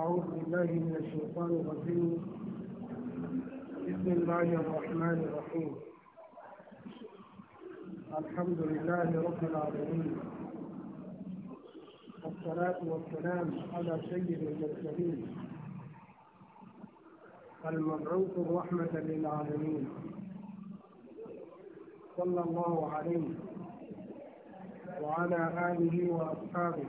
أعوذ بالله من الشيطان الرجيم بسم الله الرحمن الرحيم الحمد لله رب العالمين والصلاة والسلام على سيد المرسلين المبعوث الرحمة للعالمين صلى الله عليه وعلى آله وأصحابه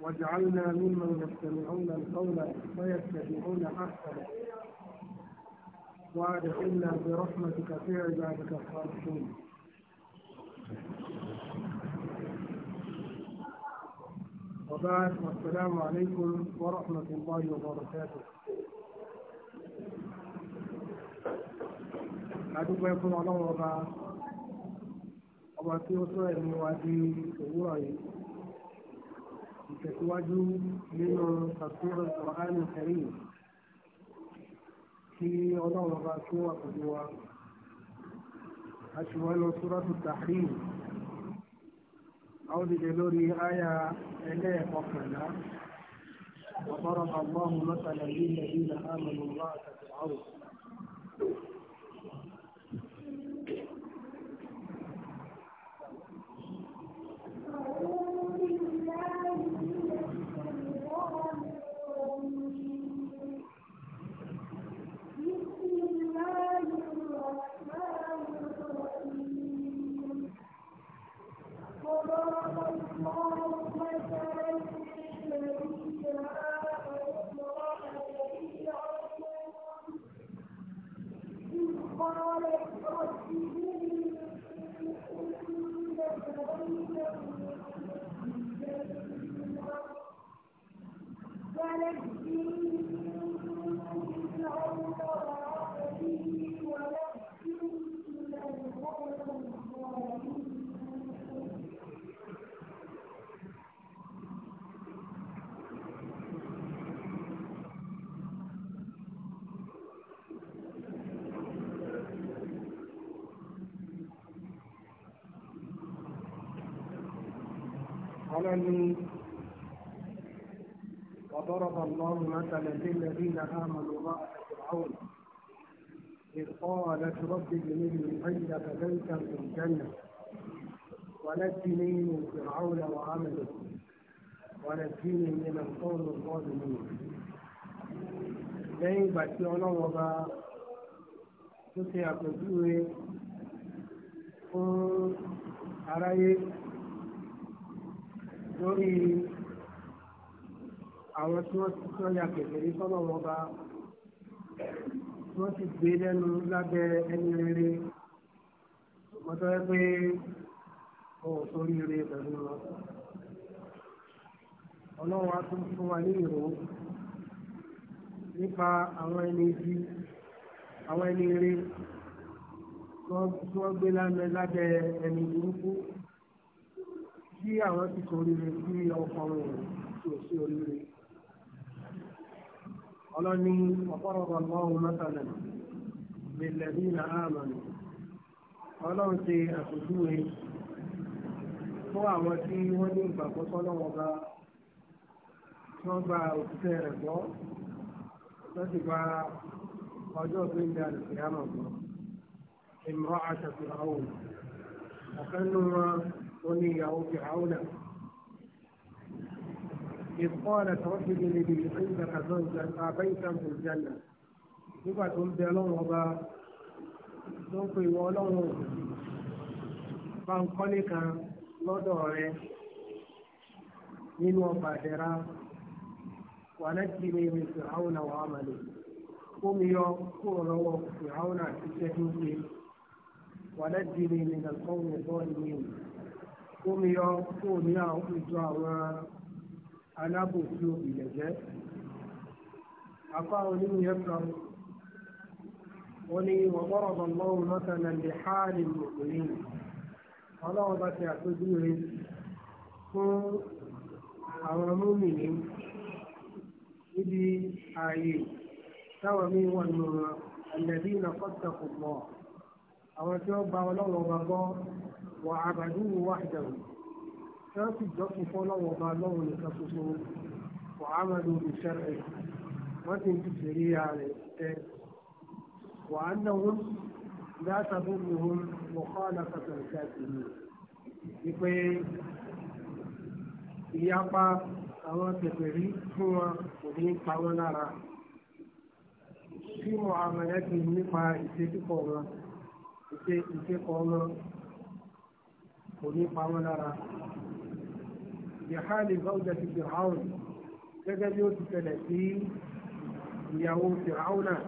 واجعلنا ممن يستمعون القول فيتبعون احسنه وادخلنا برحمتك في عبادك الصالحين وبعد والسلام عليكم ورحمه الله وبركاته àdúgbò ẹkún ọlọ́run ọba ọba tí ó sọ ẹ̀mí wa di òwúrọ̀ yìí ìtẹ̀síwájú nínú àtúnrò Quran Karim kí ọlọ́run bá tún wà pẹ̀lú wa a sì wá lọ Suratu Tahrim a ó dìde lórí àyà ẹlẹ́ẹ̀kọkànlá وضرب الله مثلا للذين آمنوا الله كفرعون الله مثلا للذين آمنوا امرأة فرعون إذ قالت رب ابن عندك بيتا في الجنة ونجني من فرعون وعمله ونجني من القوم الظالمين lẹ́yìn ìgbà tí ọlọ́run ọba tó ṣe àwọn tí wọ́n ti tán ya kẹ̀kẹ́ ní sọ́nà wọn bá wọ́n ti gbé lẹ́nu lábẹ́ ẹni rere wọ́n tọ́ pé ọ̀hún sórí rere pẹ̀lú wọn. ọlọ́run á tún fún wa ní ìró nípa àwọn ẹni ibi àwọn ẹni rere tí wọ́n gbé lábẹ́ ẹni burúkú tí àwọn ti sọ oríire sí ọkọ̀ wọn ò sí oríire ọlọ́ni ọ̀pọ̀rọ̀pọ̀ lọ́wọ́ mẹ́tàlẹ̀ lèlẹ́bí na àmàlù ọlọ́run ṣe àpèjúwe fún àwọn tí wọ́n ní ìgbàgbọ́ sọ́lọ́wọ́ bá tí wọ́n gba òṣìṣẹ́ rẹ̀ gbọ́ lọ́sì gba ọjọ́ tó ń da àlùfẹ́ àmọ̀ gbọ́ ìmọ̀ àṣà fìhàwọ̀ ọ̀kan nínú wọn ó ní ìyàwó fìhàwọ̀ náà. إذ قالت رب ابن لي عندك زوجا أبيتا في الجنة nígbà tó ń bẹ ọlọ́run ọba ló ń pe ìwọ ọlọ́run bá ń kọ́lé kan lọ́dọ̀ rẹ nínú ọgbà àdẹ̀ra wà láti ilé mi fi àwọn àwọn àmàlè omi yọ kúrò lọ́wọ́ fi àwọn àti ṣẹ́gun gbé wà láti ilé mi nà kọ́wé bọ́ọ̀lù mi omi yọ kúrò ní àwọn ìjọ àwọn alábòsí òbílẹ̀ jẹ́. afáwọn onímọ̀ sọ wọ́n ní wọ́pọ̀rọ̀ bọ̀mọ́rún lọ́sàn-án náà lè há lè mọ̀ pé ọlọ́run bá ti àpéjú rẹ̀ fún àwọn múmìnì níbi ààyè táwọn míì wà nù àlẹ́bí náà kọ́tà kò mọ̀ àwọn tí wọ́n gba ọlọ́run ọba gbọ́ wà àbàdúrú wáhìdàrú. kí wọ́n sì jọ́sìn fún ọlọ́run ọba lọ́run nìkan ṣoṣo wàhálàdó ìṣẹ̀rẹ̀ wọ́n ti ń ti ṣeré rẹ̀ tẹ́ wàhálàwọ́n látàbí òun wọ̀kọ́ àlàkàtà ìṣàkiri wípé ìyapa àwọn tẹ̀pẹ̀rí fún wọn kò ní pa wọ́n lára sí mọ̀ àmàlẹ́kì nípa ìṣètìkọ̀ wọn ìṣèkọ̀ wọn. kò ní pamọ́ lára ìhálì báwùjá ti fìràún gẹ́gẹ́ bí ó ti tẹ̀lẹ̀ sí ìyàwó fìràún náà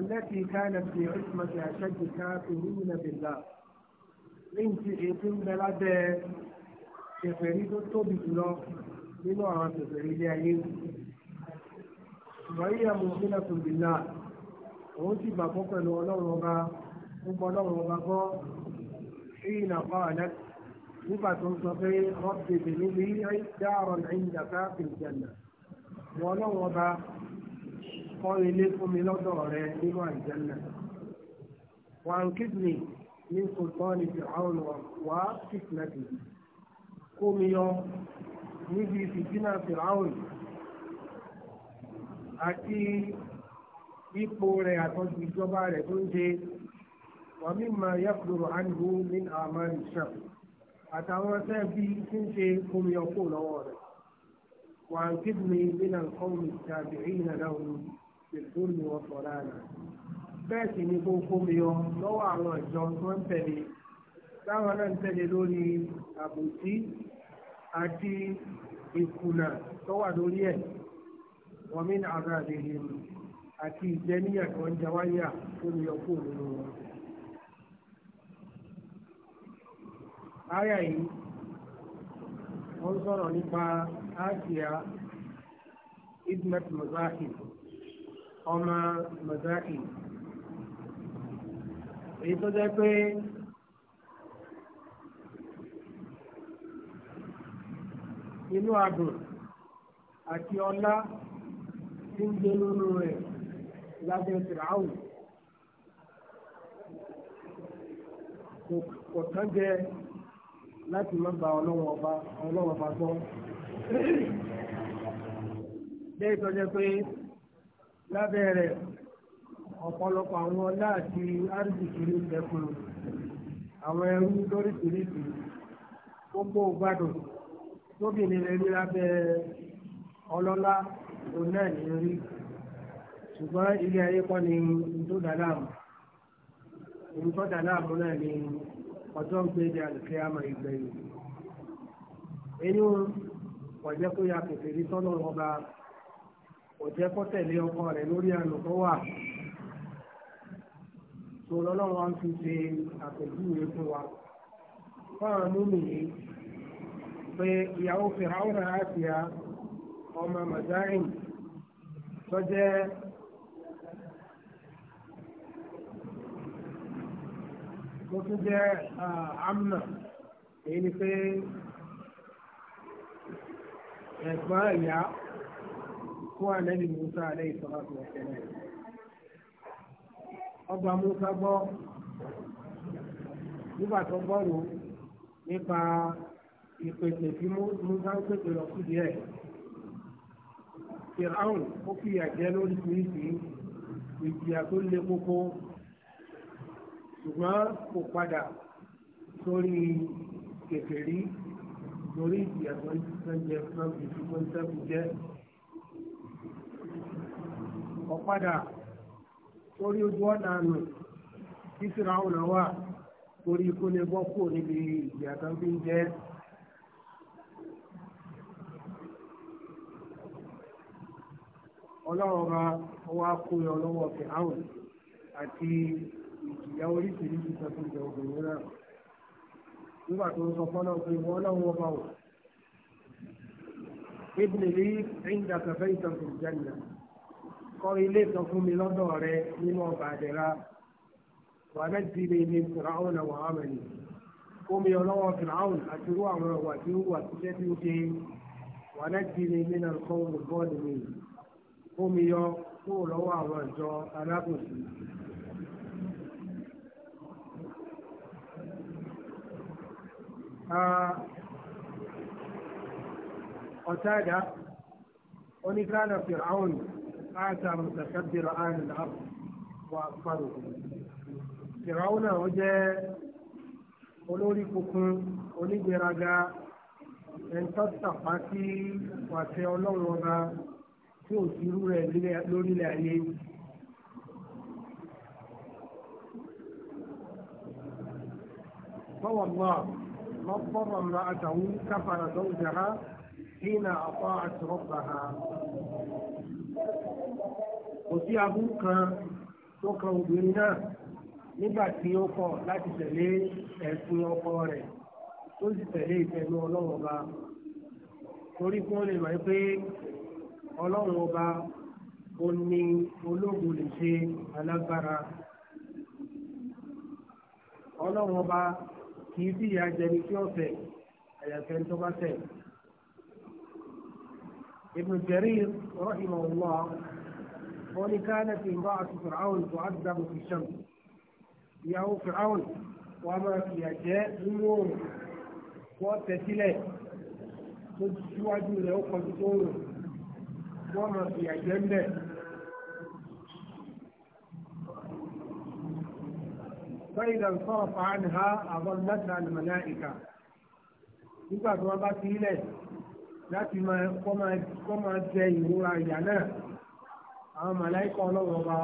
التي كانت في عصمة أشد كافرين بالله níbi ètò ń bẹ lábẹ́ kẹfẹ́rí tó tóbi jùlọ nínú àwọn kẹfẹ́rí ilé ayé ìwáyé amòmínà tòbílà òun sì gbàgbọ́ pẹ̀lú ọlọ́run ọba gbogbo ọlọ́run ọba gbọ́ حين قالت nígbàtún sọ pé rọ́bì bìnúbí dáàrọ̀ ìyìnda káàkiri jẹ̀nà wọn lọ́wọ́ bá kọ́ ilé fún mi lọ́dọ̀ rẹ nínú àìjẹ́nà wọn kìdìní ní sultani fìhàn wá fìtìlẹ́tì kó mi yọ níbi fìtìlẹ́ fìhàn àti ipò rẹ̀ àtọ́jú ìjọba rẹ̀ tó ń ṣe wàmí máa yàkùrù ànìbó ní àmàlì sàn àtàwọn ẹsẹ bíi tí ń ṣe omi ọkọ lọwọ rẹ wà á kí ni nínà kọ́ọ̀mù tàbí ìyìn àdáwọn ìfúnni wọn sọ̀rọ̀ àná bẹ́ẹ̀ sì ni kó kómi yọ lọ́wọ́ àwọn ìjọ tó ń tẹ̀lé táwọn náà ń tẹ̀lé lórí àbòsí àti ìkùnà tó wà lórí ẹ̀ wọ́n àgbà àdéhìn àti ìjẹniyà tó ń jẹ wáyà kómi yọ kó àyà yìí wọ́n sọ̀rọ̀ nípa àṣìá idmet mazaki. ọmọ mozaki èyí tó jẹ́ pé inú adùn àti ọlá tí ń gbé nínú rẹ̀ lábẹ́ fìràwù kò tán jẹ́. láti má ba ọlọ́wọ́ ọba ọlọ́wọ́ ọba gbọ́. bẹ́ẹ̀ tó jẹ́ pé lábẹ́ rẹ̀ ọ̀pọ̀lọpọ̀ àwọn ọlá àti rdc ló àwọn ẹrú lóríṣiríṣi gbogbo gbádùn lóbìnrin rẹ̀ rí lábẹ́ ọlọ́lá òun náà ní ṣùgbọ́n ilé ayé kọ́ ni náà ní ọjọ́ gbèdé àlùkíyàmà ìgbẹ̀yìn inú ọ̀jẹ́ kó ya kẹfẹ́ rí sọ́nà ọba ọ̀jẹ́ kó tẹ̀lé ọkọ rẹ̀ lórí àná tó wà sọ̀rọ̀ náà wọ́n fi ṣe àpèjúwe fún wa fáwọn múmi yìí pé ìyàwó fìhàwọ́n àti ọmọ màdáìn tó jẹ́ tó tún jẹ́ amna èyí ni pé ẹ̀gbọ́n ìyá fún àlẹ́lì musa àlẹ́ ìsọ̀rọ̀ àti ọ̀sẹ̀lẹ̀. ọba musa gbọ́ nígbà tó gbọ́rò nípa ìpèsè tí musa ń pèsè lọ sí díẹ̀. fìràhùn ó fìyà jẹ lóríṣiríṣi ìjìyà tó le koko ṣùgbọ́n kò padà sórí kẹfẹ́rí lórí ìjìyà tó ń jẹ fún ìfipọ́n sẹ́kù jẹ́ ọ̀padà sórí ojú ọ̀nà àná títìrà ọ̀nà wà torí kó lè bọ́ kó níbi ìjìyà tó ń fi jẹ́. ọlọ́run ọba ọwọ́ akóyọ ọlọ́wọ́ fìhàn àti ìyá oríṣiríṣi sọ fún ìjọ obìnrin náà nígbà tó ń sọ fọ́nà pé wọ́n náà wọ́n bá wọ̀ ibùdó rí ẹ̀yìndà kẹfẹ́ ìtọ́kùn jẹ́nà kọ́ ilé kan fún mi lọ́dọ̀ rẹ nínú ọgbà àdẹ̀rà wàhálà ti lè ní fìràhùn náà wàhálà mẹ́lì omi ọlọ́wọ́ fìràhùn àti irú àwọn ọ̀wà tí ó wà síṣẹ́ tí ó dé wàhálà ti lè ní nàkọ́ olùkọ́ ọ̀dùnmí omi yọ kúrò lọ́wọ́ àwọn ìjọ alábòsí. ọ̀tádà oníkànnà fìràún àtàrà mùsàkàbìrà àrùn àrùn wà fàrù fìràún náà ó jẹ́ olórí kunkun onígbéraga ẹ̀ńtọ́tà pàtí pàṣẹ ọlọ́run ọba tí ò sí irú rẹ̀ lórílẹ̀ ayé. Bọ́wọ̀ ضر امرأته كفر زوجها حين أطاعت ربها òsí abúrú kan tó kan obìnrin náà nígbà tí ó kọ láti tẹ̀lé ẹ̀sìn ọkọ rẹ̀ tó sì tẹ̀lé ìfẹ́nu ọlọ́run ọba torí kí wọ́n lè mọ̀ pé ọlọ́run ọba ó ní ológun lè ṣe alágbára ọlọ́run ọba kì í fìyà jẹni tí ọ̀sẹ̀ àyàfẹ́ tó bá tẹ̀. ابن جرير رحمه الله قال كانت امرأة فرعون تعذب في الشمس ìyàwó fìràwọn wọn a máa fìyà jẹ nínú òòrùn wọn tẹsílẹ tó síwájú rẹ ó kọjú tó òòrùn wọn máa fìyà jẹ ńbẹ. فإذا انصرف عنها أظلتها الملائكة nígbà tí wọ́n bá ti ilẹ̀ láti kọ́ máa jẹ ìrora ìyá náà àwọn màláìkọ ọlọ́run ọba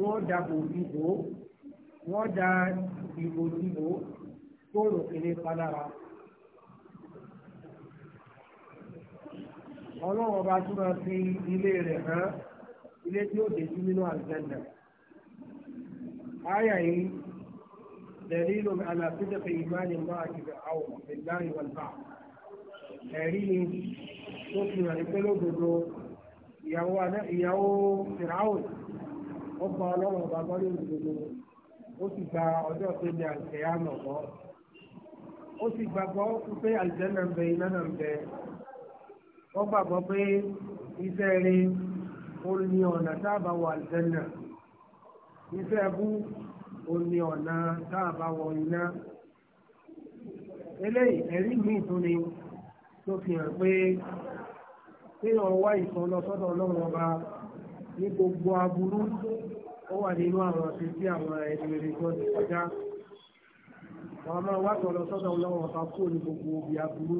wọ́n da bòdìbò wọ́n da ìbòdìbò tó rògbòdì padàra. ọlọ́run ọba tún máa fi ilé rẹ̀ hàn ilé tí ó dé sí nínú àgbẹ̀dẹ̀. آية هي دليل على صدق إيمان الله فرعون بالله والبعث ẹ̀rí tó fi hàn ní pé lódodo ìyàwó firaun ó gba ọlọ́run ọba gbọ́ lórí òdodo ó sì gba ọjọ́ pé ní àṣeyá nàbọ́ ó sì gbàgbọ́ pé àlùjẹ́nà ń bẹ iná náà ń bẹ ó gbàgbọ́ pé iṣẹ́ rí ó ní ọ̀nà tá a bá wọ àlùjẹ́nà iṣẹ́ ẹbú òní ọ̀nà tá a bá wọ iná eléyìí ẹ̀rí míì tún ni tó fi hàn pé kéèyàn wá ìsàn lọ sọ́dọ̀ ọlọ́run ọba ní gbogbo aburú ó wà nínú àwọn ọ̀sẹ̀ tí àwọn ẹni rẹ̀ tó ti kọjá wọn máa wá sọ̀rọ̀ sọ́dọ̀ ọlọ́run ọba kó ní gbogbo obì aburú.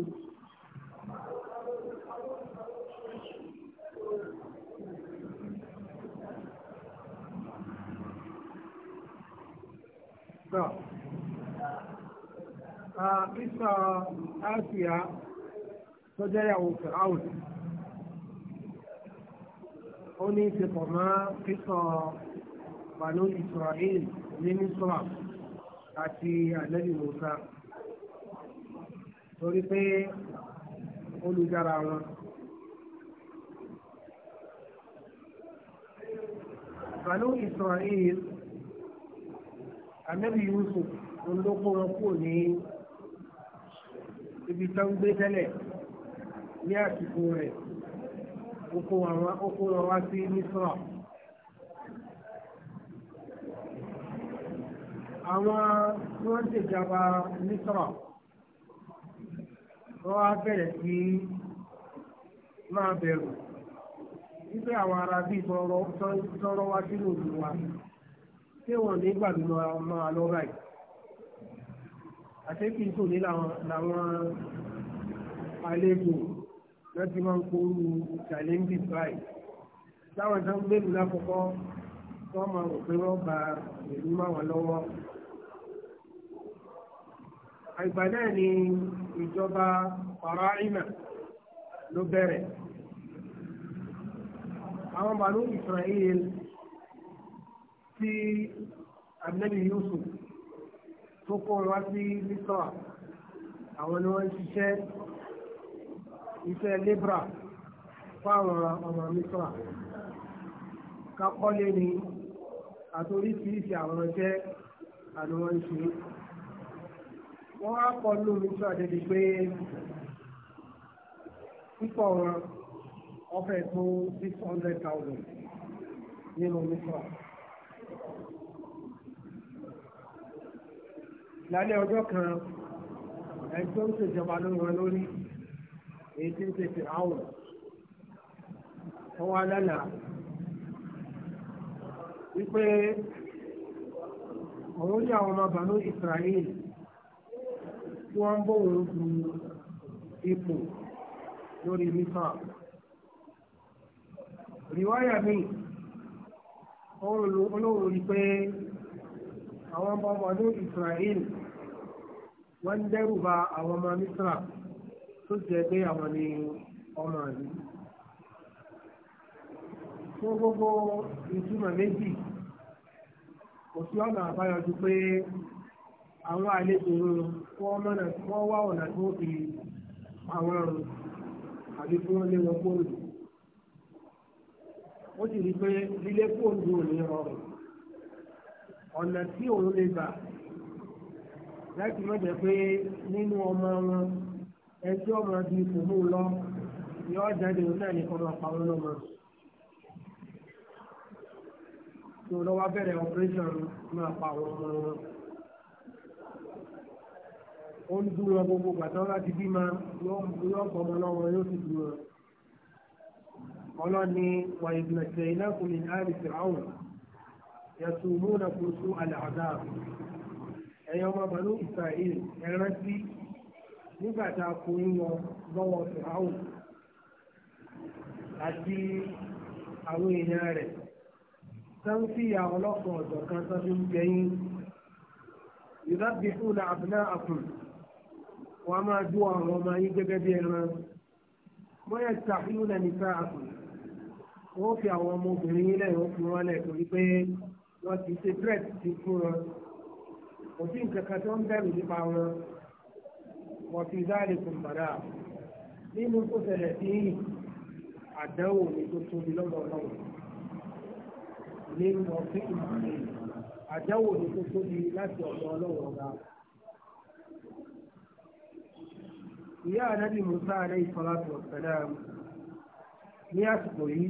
Ìsà Àsíyà tó jẹ́ ìyàwó Fìráùn. Ó ní ti pọ̀ mọ́ kíkọ Bànú Ìsìràìl ní Mísírà àti Ànábì Mùsá. Torí pé olùdára wọn. Bànú Ìsìràìl ànábì yusuf olóko wọn kò ní ibi tó ń gbé tẹ́lẹ̀ ní àsìkò rẹ̀ oko wọn wá sí misra. àwọn tí wọ́n ń tèjọba misra wọ́n wá bẹ̀rẹ̀ sí máa bẹ̀rù wípé àwọn ará bíi tọrọ wá sínú ìlú wa ṣé wọn ní gbàgbé máa lọ báyìí àti kí n tò ní làwọn àlejò láti máa ń kóoru challenge báyìí táwọn tó ń gbèrú lákòókò tó máa rò pé wọ́n gba ìlú máa wọn lọ́wọ́. àgbà náà ni ìjọba ọ̀rọ̀ ìmà ló bẹ̀rẹ̀ àwọn bàánú Israel tí anabi yusuf tó kó wá sí misra àwọn ni wọ́n ń ṣiṣẹ́ iṣẹ́ libra fáwọn ọmọ misra kakọ́lé ni àtòríṣiríṣi àwọn ọjẹ́ àni wọ́n ń ṣe wọ́n wá kọ́ nínú misra débi pé pípọ̀ wọn ọfẹ́ tó six hundred thousand nínú misra lálẹ́ ọjọ́ kan ẹni tó ń ṣèjọba ló wọn lórí èyí tí ń ṣe fi àwọn wọn wá wípé òun ní àwọn ọmọ bàánú israel tí wọ́n ń bóun du ipò lórí nípa rìwáyà míì. olóòrò rí pé àwọn ọmọ ọmọdún israel wọ́n ń dẹ́rù ba àwọn ọmọ misra tó jẹ́ pé àwọn ni ọmọ yìí. fún gbogbo ìtumọ̀ méjì kò sí ọ̀nà àbáyọ pé àwọn àlejò wọn wá ọ̀nà tó fi àwọn ọ̀rùn àbí fún ó sì rí i pé lílé fóònù ò ní rọrùn ọ̀nà tí òun lè gbà láti má jẹ́ pé nínú ọmọ wọn ẹjọ́ ọmọ bíi kòmú lọ yọ jáde òun náà nìkan máa pa wọn lọ́mọ. tó lọ́wọ́ bẹ̀rẹ̀ operation máa pa àwọn ọmọ wọn. ó ń dúró gbogbo gbàtọ́ láti bímọ yọ ọmọ lọ́wọ́ yóò sì dúró ọlọ́ni wà ìgbìmọ̀sẹ̀ iná kò ní àrí fìràwùn yàtò múnà kò sún àlàáfà ẹ̀yọ́ ọmọ bàlú israel ẹ̀rántí nígbà tá a kò ń lọ lọ́wọ́ fìràwùn àti àwọn èèyàn rẹ̀ sáńfìyà ọlọ́pàá ọ̀dọ̀ kan tó ń gbẹ̀yìn ìrábìkú la àbúlá àkùn wọn máa dún àwọn ọmọ yín gẹ́gẹ́ bí ẹran mọ́yà tàbí ó lẹ́ni àkùn wọ́n fi àwọn ọmọbìnrin yín lẹ́yìn òfin wọn lẹ̀ torí pé wọ́n ti ṣe threat ti fún wọn kò sí nǹkan kan tó ń bẹ̀rù nípa wọn wọ́n fi dáàlì kùn padà nínú kó ṣẹlẹ̀ sí àdánwò ní tó tóbi lọ́dọ̀ ọlọ́run ní ọ̀sìn ìmọ̀lẹ́ àdánwò ní tó tóbi láti ọ̀dọ̀ ọlọ́run ọ̀gá. ìyá ànábì musa alayhi salatu wa salam ní àsìkò yìí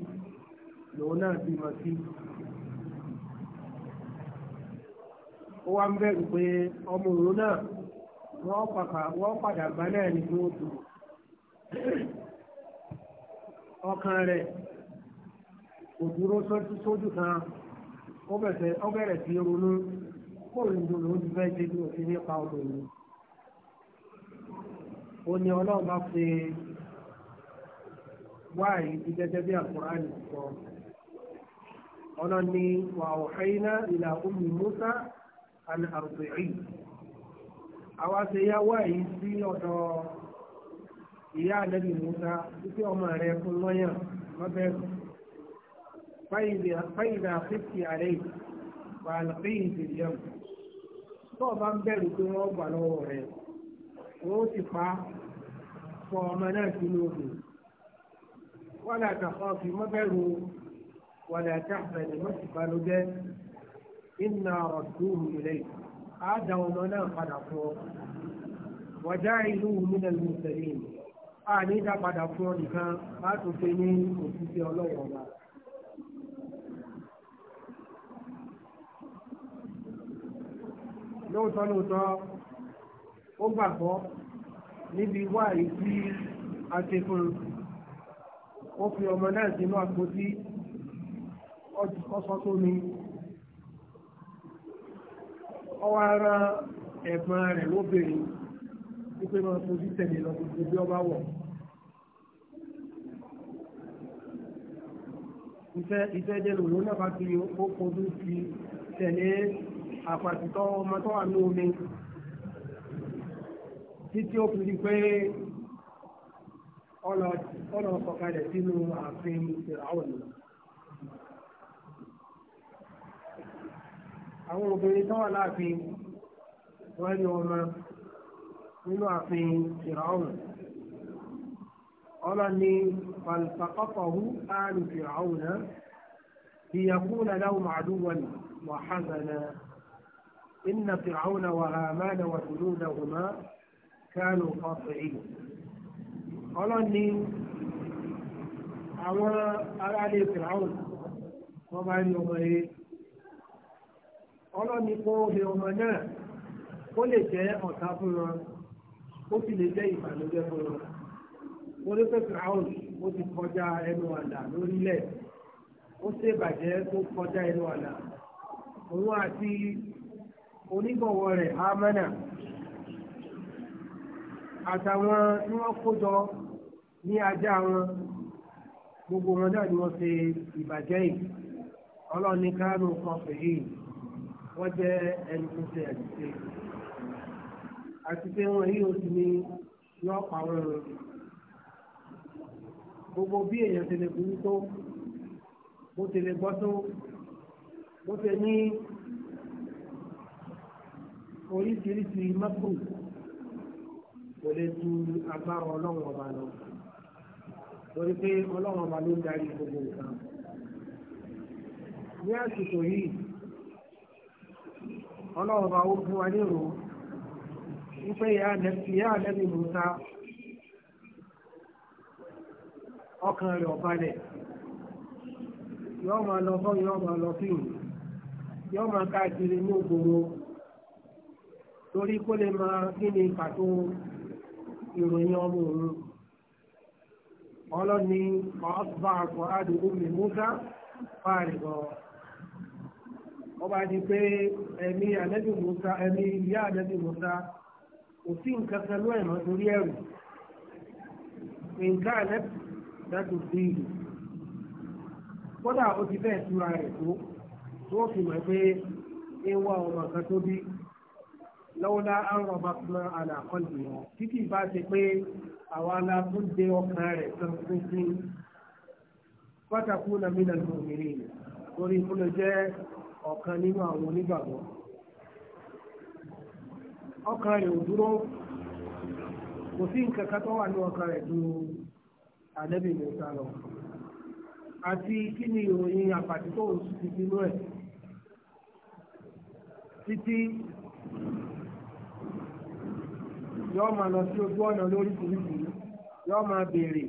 lòun náà ti mọ̀ sí. ó wá ń bẹ̀rù pé ọmọ òun náà wọ́n padà bá náà ní kí wọ́n tó. ọkàn rẹ̀ kò dúró sójú kan ó bẹ̀rẹ̀ sí ronú kóòrò ìlú lòún ti fẹ́ ṣe bí ọmọ ó ní ọlọ́run bá fi wáyé ọlọ́ni wà ọ̀hẹ́nà ìlà omi musa alàrùbẹ̀rì àwa ṣe yá wáyé sí ọ̀dọ̀ ìyá àlẹ́bí musa títí ọmọ rẹ fún lọ́yàn lọ́bẹ̀rù fáyìlà fífi àlẹ́ wà àlùfẹ́yìn ìdìyàn tó o bá ń bẹ̀rù pé wọ́n gbà lọ́wọ́ rẹ̀ ó sì pa fọ ọmọ náà sínú odò wọ́n làkàkọ́ fi mọ́bẹ̀rù ولا تحزن مصفى لجان إنا ردوه إليك أدعو لنا قد أفوه وجعلوه من المرسلين àní dá padà fún ọ nìkan láti ṣe ní òṣìṣẹ́ ọlọ́wọ́ ọba. lóòótọ́ lóòótọ́ ó gbàgbọ́ níbi wáyé tí a ṣe fún un ó fi ọmọ náà sínú àpótí ọsọ tó ní ọwọ́ ara ẹ̀gbọ́n rẹ̀ lóbìnrin wípé máa fojú tẹ̀lé lọ gbogbo bí ọba wọ̀. iṣẹ́ iṣẹ́ jẹ́ lòlò náà bá fi ó fojú fi tẹ̀lé àpàtìtọ́ ọmọ tó wà ní omi títí ó fi di pé ọlọ ọkọ̀kalẹ̀ sínú ààfin ìràwọ̀ nìyẹn. àwọn obìnrin tó wà láàfin wọ́n rí ọmọ nínú àfin fìràwùn ọlọ́ni falfakọ́fọ̀hù áàlù fìràwùn náà ليكون لهم عدوا وحزنا إن فرعون وهامان وجنودهما كانوا خاطئين ọlọ́run ni àwọn aráàlú fìràwọn wọn bá ní ọmọ yìí ọlọ́ni kó he ọmọ náà ó lè jẹ́ ọ̀tá fún wọn ó sì lè jẹ́ ìbànújẹ́ fún wọn wọ́n ló fẹ́ẹ́ fìràwọ̀n ó ti kọjá ẹnu àlà lórílẹ̀ ó ṣèbàjẹ́ tó kọjá ẹnu àlà òun àti onígbọ̀wọ́ rẹ̀ amánà àtàwọn tí wọ́n kó jọ ní ajá wọn gbogbo wọn náà ni wọ́n ṣe ìbàjẹ́ yìí ọlọ́ọ̀ni kánú kan fèyí wọ́n jẹ́ ẹni tó ṣe ẹ̀sìn ṣe àti pé wọn yìí ó ti ní yọ pa wọn rẹ gbogbo bí èèyàn ti lè burú tó bó ti lè gbọ́ tó bó ti ní oríṣiríṣi mọ́tò kò lè ju agbára ọlọ́run ọba lọ torí pé ọlọ́run ọba ló ń darí gbogbo nǹkan ní àsìkò yìí ọlọ́run ó fún wa nírò wípé ìyá àlẹ́bí musa ọkàn rẹ̀ ọ̀balẹ̀ yọ́ máa lọ bọ́ yọ́ máa lọ sí òun yọ́ máa káàkiri ní ògbòrò torí kó lè máa kí ni pàtó ìròyìn ọmọ òun ọlọ́ni ọ̀ọ́sùbà àkọ́ àdúgbò mi musa fáàrí gan-an ọba di pé ẹ̀mí ànábì musa ẹ̀mí ìyá ànábì musa kò sí nǹkan kan ló ẹ̀mọ́ torí ẹ̀rù nǹkan ànábì dájú sí ìlú kódà ó ti bẹ́ẹ̀ túra rẹ̀ tó tó fi mọ̀ pé ewa ọmọ kan tó bí lọ́wọ́lá àrùn ọba fún àlàkọ́lù yẹn títí bá ti pé àwa la tún dé ọkàn rẹ̀ tán pínpín pátákó nàmínà lómìnira torí kúlọ̀ jẹ́ ọ̀kan nínú àwọn onígbàgbọ́ ọkàn rẹ̀ ò dúró kò sí nǹkan kan tó wà ní ọkàn rẹ̀ ju àdẹ́bì mẹ́ta lọ àti kí ni ìròyìn àpàtì tó ń ti sínú ẹ̀ títí yọ́ máa lọ sí ojú ọ̀nà lóríṣiríṣi yọ́ máa béèrè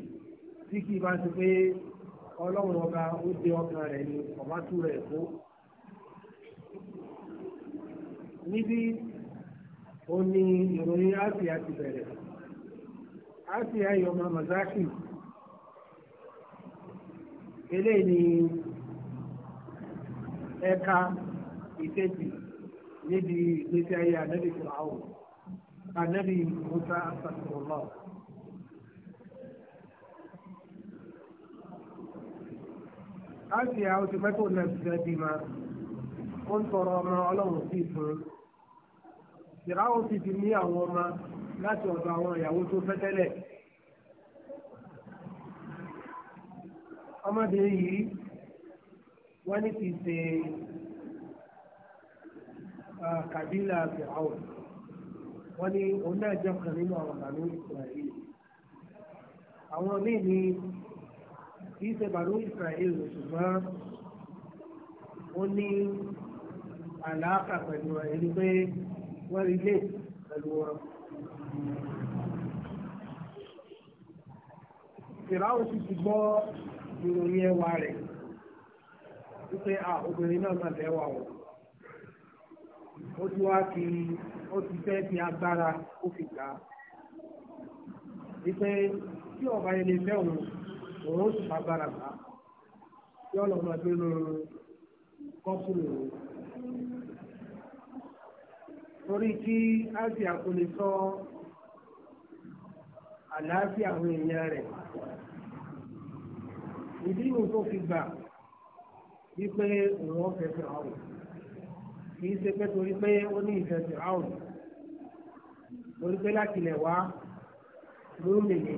tí kì í bá ti pé ọlọ́run ọba ó de ọkàn rẹ̀ ni ọ̀bátú rẹ̀ kó níbí ó ní ìròyìn áṣíà ti bẹ̀rẹ̀ áṣíà yọmọ mazaki eléyìí ni ẹ̀ka ìkejì níbi ìgbésí ayé ànábì fìlàwò ànábì musa asàtúrọ̀lọ́. áṣíà ó ti fẹ́ tó nà sí ẹbí ma ó ń tọrọ ọmọ ọlọ́run sí fún fìràwọ̀ sì ti ní àwọn ọmọ láti ọ̀dọ̀ àwọn ìyàwó tó fẹ́ tẹ́lẹ̀. ọmọbìnrin yìí wọ́n ní kì í ṣe kàbílà fìràwọ̀ wọ́n ní òun náà jẹ́ ọ̀kan nínú àwọn bàbá ìsirahì àwọn míì ní kì í ṣe bàbá ìsirahì ṣùgbọ́n ó ní àlàáfà pẹ̀lú ẹni pé wọ́n rí lé pẹ̀lú wọn. ìráwọ̀ sì ti gbọ́ ìròyìn ẹwà a obìnrin náà máa lẹ́wà wọ̀ ó ti wá fi ó ti fẹ́ fi agbára ó fi gbà á wípé tí ọba yẹn lè fẹ́ òun òun ó sì fagbára gbà ọlọ́mọdé ló kọ́ fún òun torí kí asia kò lè sọ àlàáfíà àwọn èèyàn rẹ̀ ìdí ìwò tó fi gbà wípé òun ọ̀fẹ́ fẹ́ àwọn kì í ṣe pé torí pé ó ní ìfẹ́ fẹ́ àwọn torí pé láti lẹ̀ wá ló ń lè lè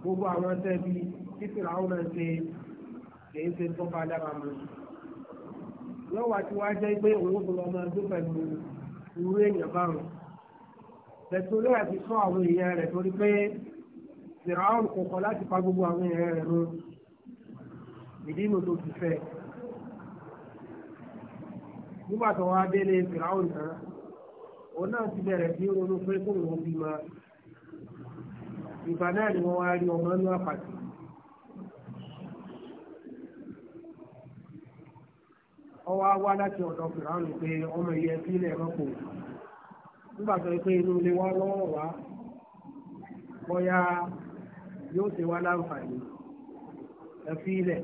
gbogbo àwọn tẹ́bi títí àwọn náà ṣe kì í ṣe tó bá dára mọ́ lọ́wọ́ àti wá jẹ́ pé òun kò lọ máa dún pẹ̀lú irú èèyàn báwọn. Bẹ̀tùlé àti sọ àwọn èèyàn rẹ̀ torí pé Fìràhùn kò kọ̀ láti pa gbogbo àwọn èèyàn rẹ̀ rún. Ìdí inú tó ti fẹ́. Nígbà tó wá délé Fìràhùn náà, òun náà ti bẹ̀rẹ̀ sí ronú pé kóun ò bímọ. Ìgbà náà ni wọ́n wá rí ọmọ inú àpàtì. ọwọ́ wá láti ọ̀dọ̀ fìránù pé ọmọ ìyẹn sílẹ̀ rọ́pò nígbà tó pé inú ilé wa lọ́wọ́ wá bóyá yóò ṣe wá láǹfààní ẹ fi ilẹ̀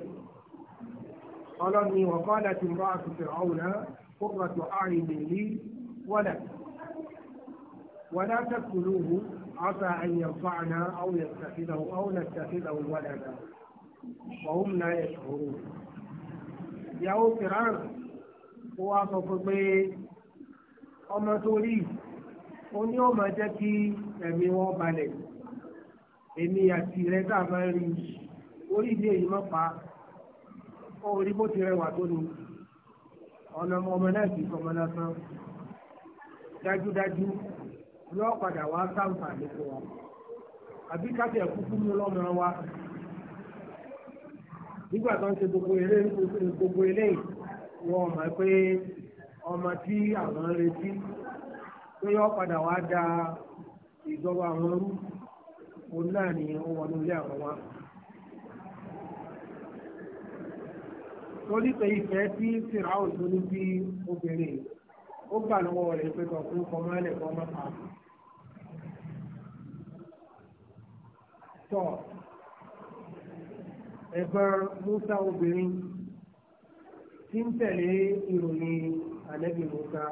ọlọ́ni ọ̀kọ́ láti rọ àtúnṣe ọ̀hún náà kó pàtó àárín lèlí wọ́dà wọ́dà tẹ̀kùlùhù عسى أن ينفعنا أو نتخذه أو نتخذه ولدا وهم لا يشعرون ìyàwó fìràn ó wá sọ fún pé ọmọ tó rí ó ní ọmọ jẹ́ kí ẹ̀mí wọn balẹ̀ èmi àti rẹ tá a máa ń rí orí ilé yìí mọ́ pa ó rí bó ti rẹwà tó ni ọ̀nà ọmọ náà sì sọmọ lásán dájúdájú yóò padà wá sáǹfààní fún wa àbí káfíà kúkú mú lọ́mọ wa nígbà tó ń ṣe gbogbo eléyìí wọn mọ̀ pé ọmọ tí àwọn ń retí pé yọ padà wá da ìjọba àwọn rú òun náà ni ó wọnú ilé àwọn wa. torí pé ìfẹ́ tí fìràwọ̀ tó ní bí obìnrin ó gbà lọ́wọ́ rẹ̀ pé kọ̀ọ̀kan chọọ. ebe musa obìnrin. tí ń tẹ̀lé ìròyìn ànẹ́bí Musa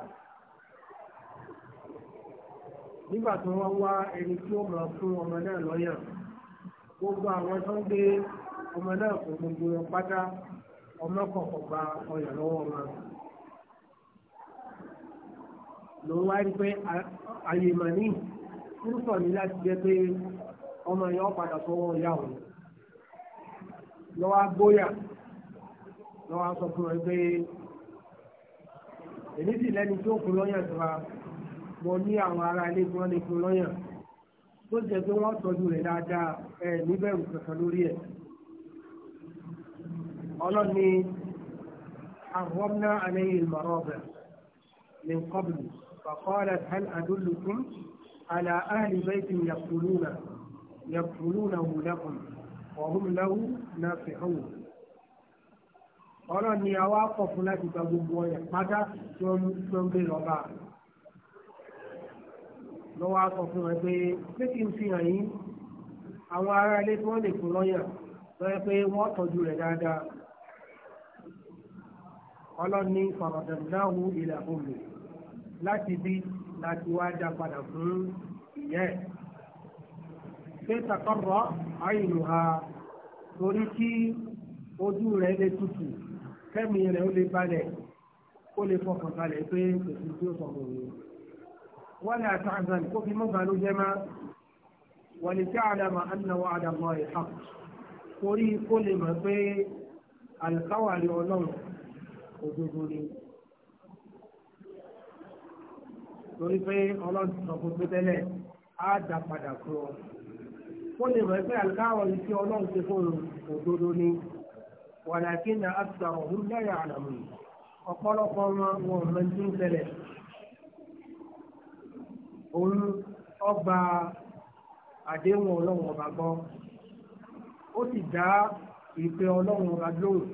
nígbà tí wọ́n wá ẹni tí ó máa fún ọmọ náà lọ́yàn gbogbo àwọn tó ń gbé ọmọ náà kò gbogbo wọn pátá ọmọ kọ̀ọ̀kan gba ọyàn lọ́wọ́ wọn ló wá rí pé àyè màní púpọ̀ ní láti jẹ́ pé ọmọ yẹn ó padà sọ́wọ́ ìyá òun lọ́wọ́ agbóyà lọ́ wá sọ fún ẹ pé èmi sì lẹ́ni tí ó fún lọ́yàn tó wa mo ní àwọn ará ilé tí wọ́n lè fún lọ́yàn tó jẹ́ pé wọ́n tọ́jú rẹ̀ dáadáa ẹ níbẹ̀rù kankan lórí ẹ̀. ọlọ́ni àhọ́mná àlẹ́yìn ìmọ̀ràn من قبل فقالت هل أدلكم على أهل بيت يقتلونه يقتلونه لكم وهم له ناصحون ọ̀rọ̀ ni àwa kọ̀ fún láti gba gbogbo ọ̀yà pátá tó ń gbé lọ́ba. lọ́wọ́ akọ fún ẹ pé pé kí n fi hàn yín àwọn ará ilé tí wọ́n lè fún lọ́yà lọ́yẹ pé wọ́n tọ́jú rẹ̀ dáadáa. ọlọ́ni fàrọ̀dàmdáhù ilẹ̀ òmìnir láti bí láti wá dá padà fún ìyẹ́ ẹ̀. pé tàkọ́rọ̀ àyìnlò ha torí kí ojú rẹ̀ lè tutù kẹ́mi rẹ̀ ó lè balẹ̀ ó lè fọkàn balẹ̀ pé kò sí tí ó sọ fún mi. wọ́n lè àtàzàn kó fi mọ́ balùwẹ̀ má wọ́n lè tẹ́ àdàmà ànáwó àdàmọ́ rẹ̀ torí kó lè mọ̀ pé àlùkáwàrí ọlọ́run òdodo ni. torí pé ọlọ́run sọ fún pé tẹ́lẹ̀ á dá padà fún ọ. kó lè mọ̀ pé àlùkáwàrí tí ọlọ́run ti fún òdodo ni. ولكن أكثرهم لا يعلمون ọ̀pọ̀lọpọ̀ wọn wọn ò mẹ́tí ń tẹ̀lẹ̀ òun ọgbà àdéhùn ọlọ́run ọba gbọ́ ó sì dá ìpè ọlọ́run ọba lóhùn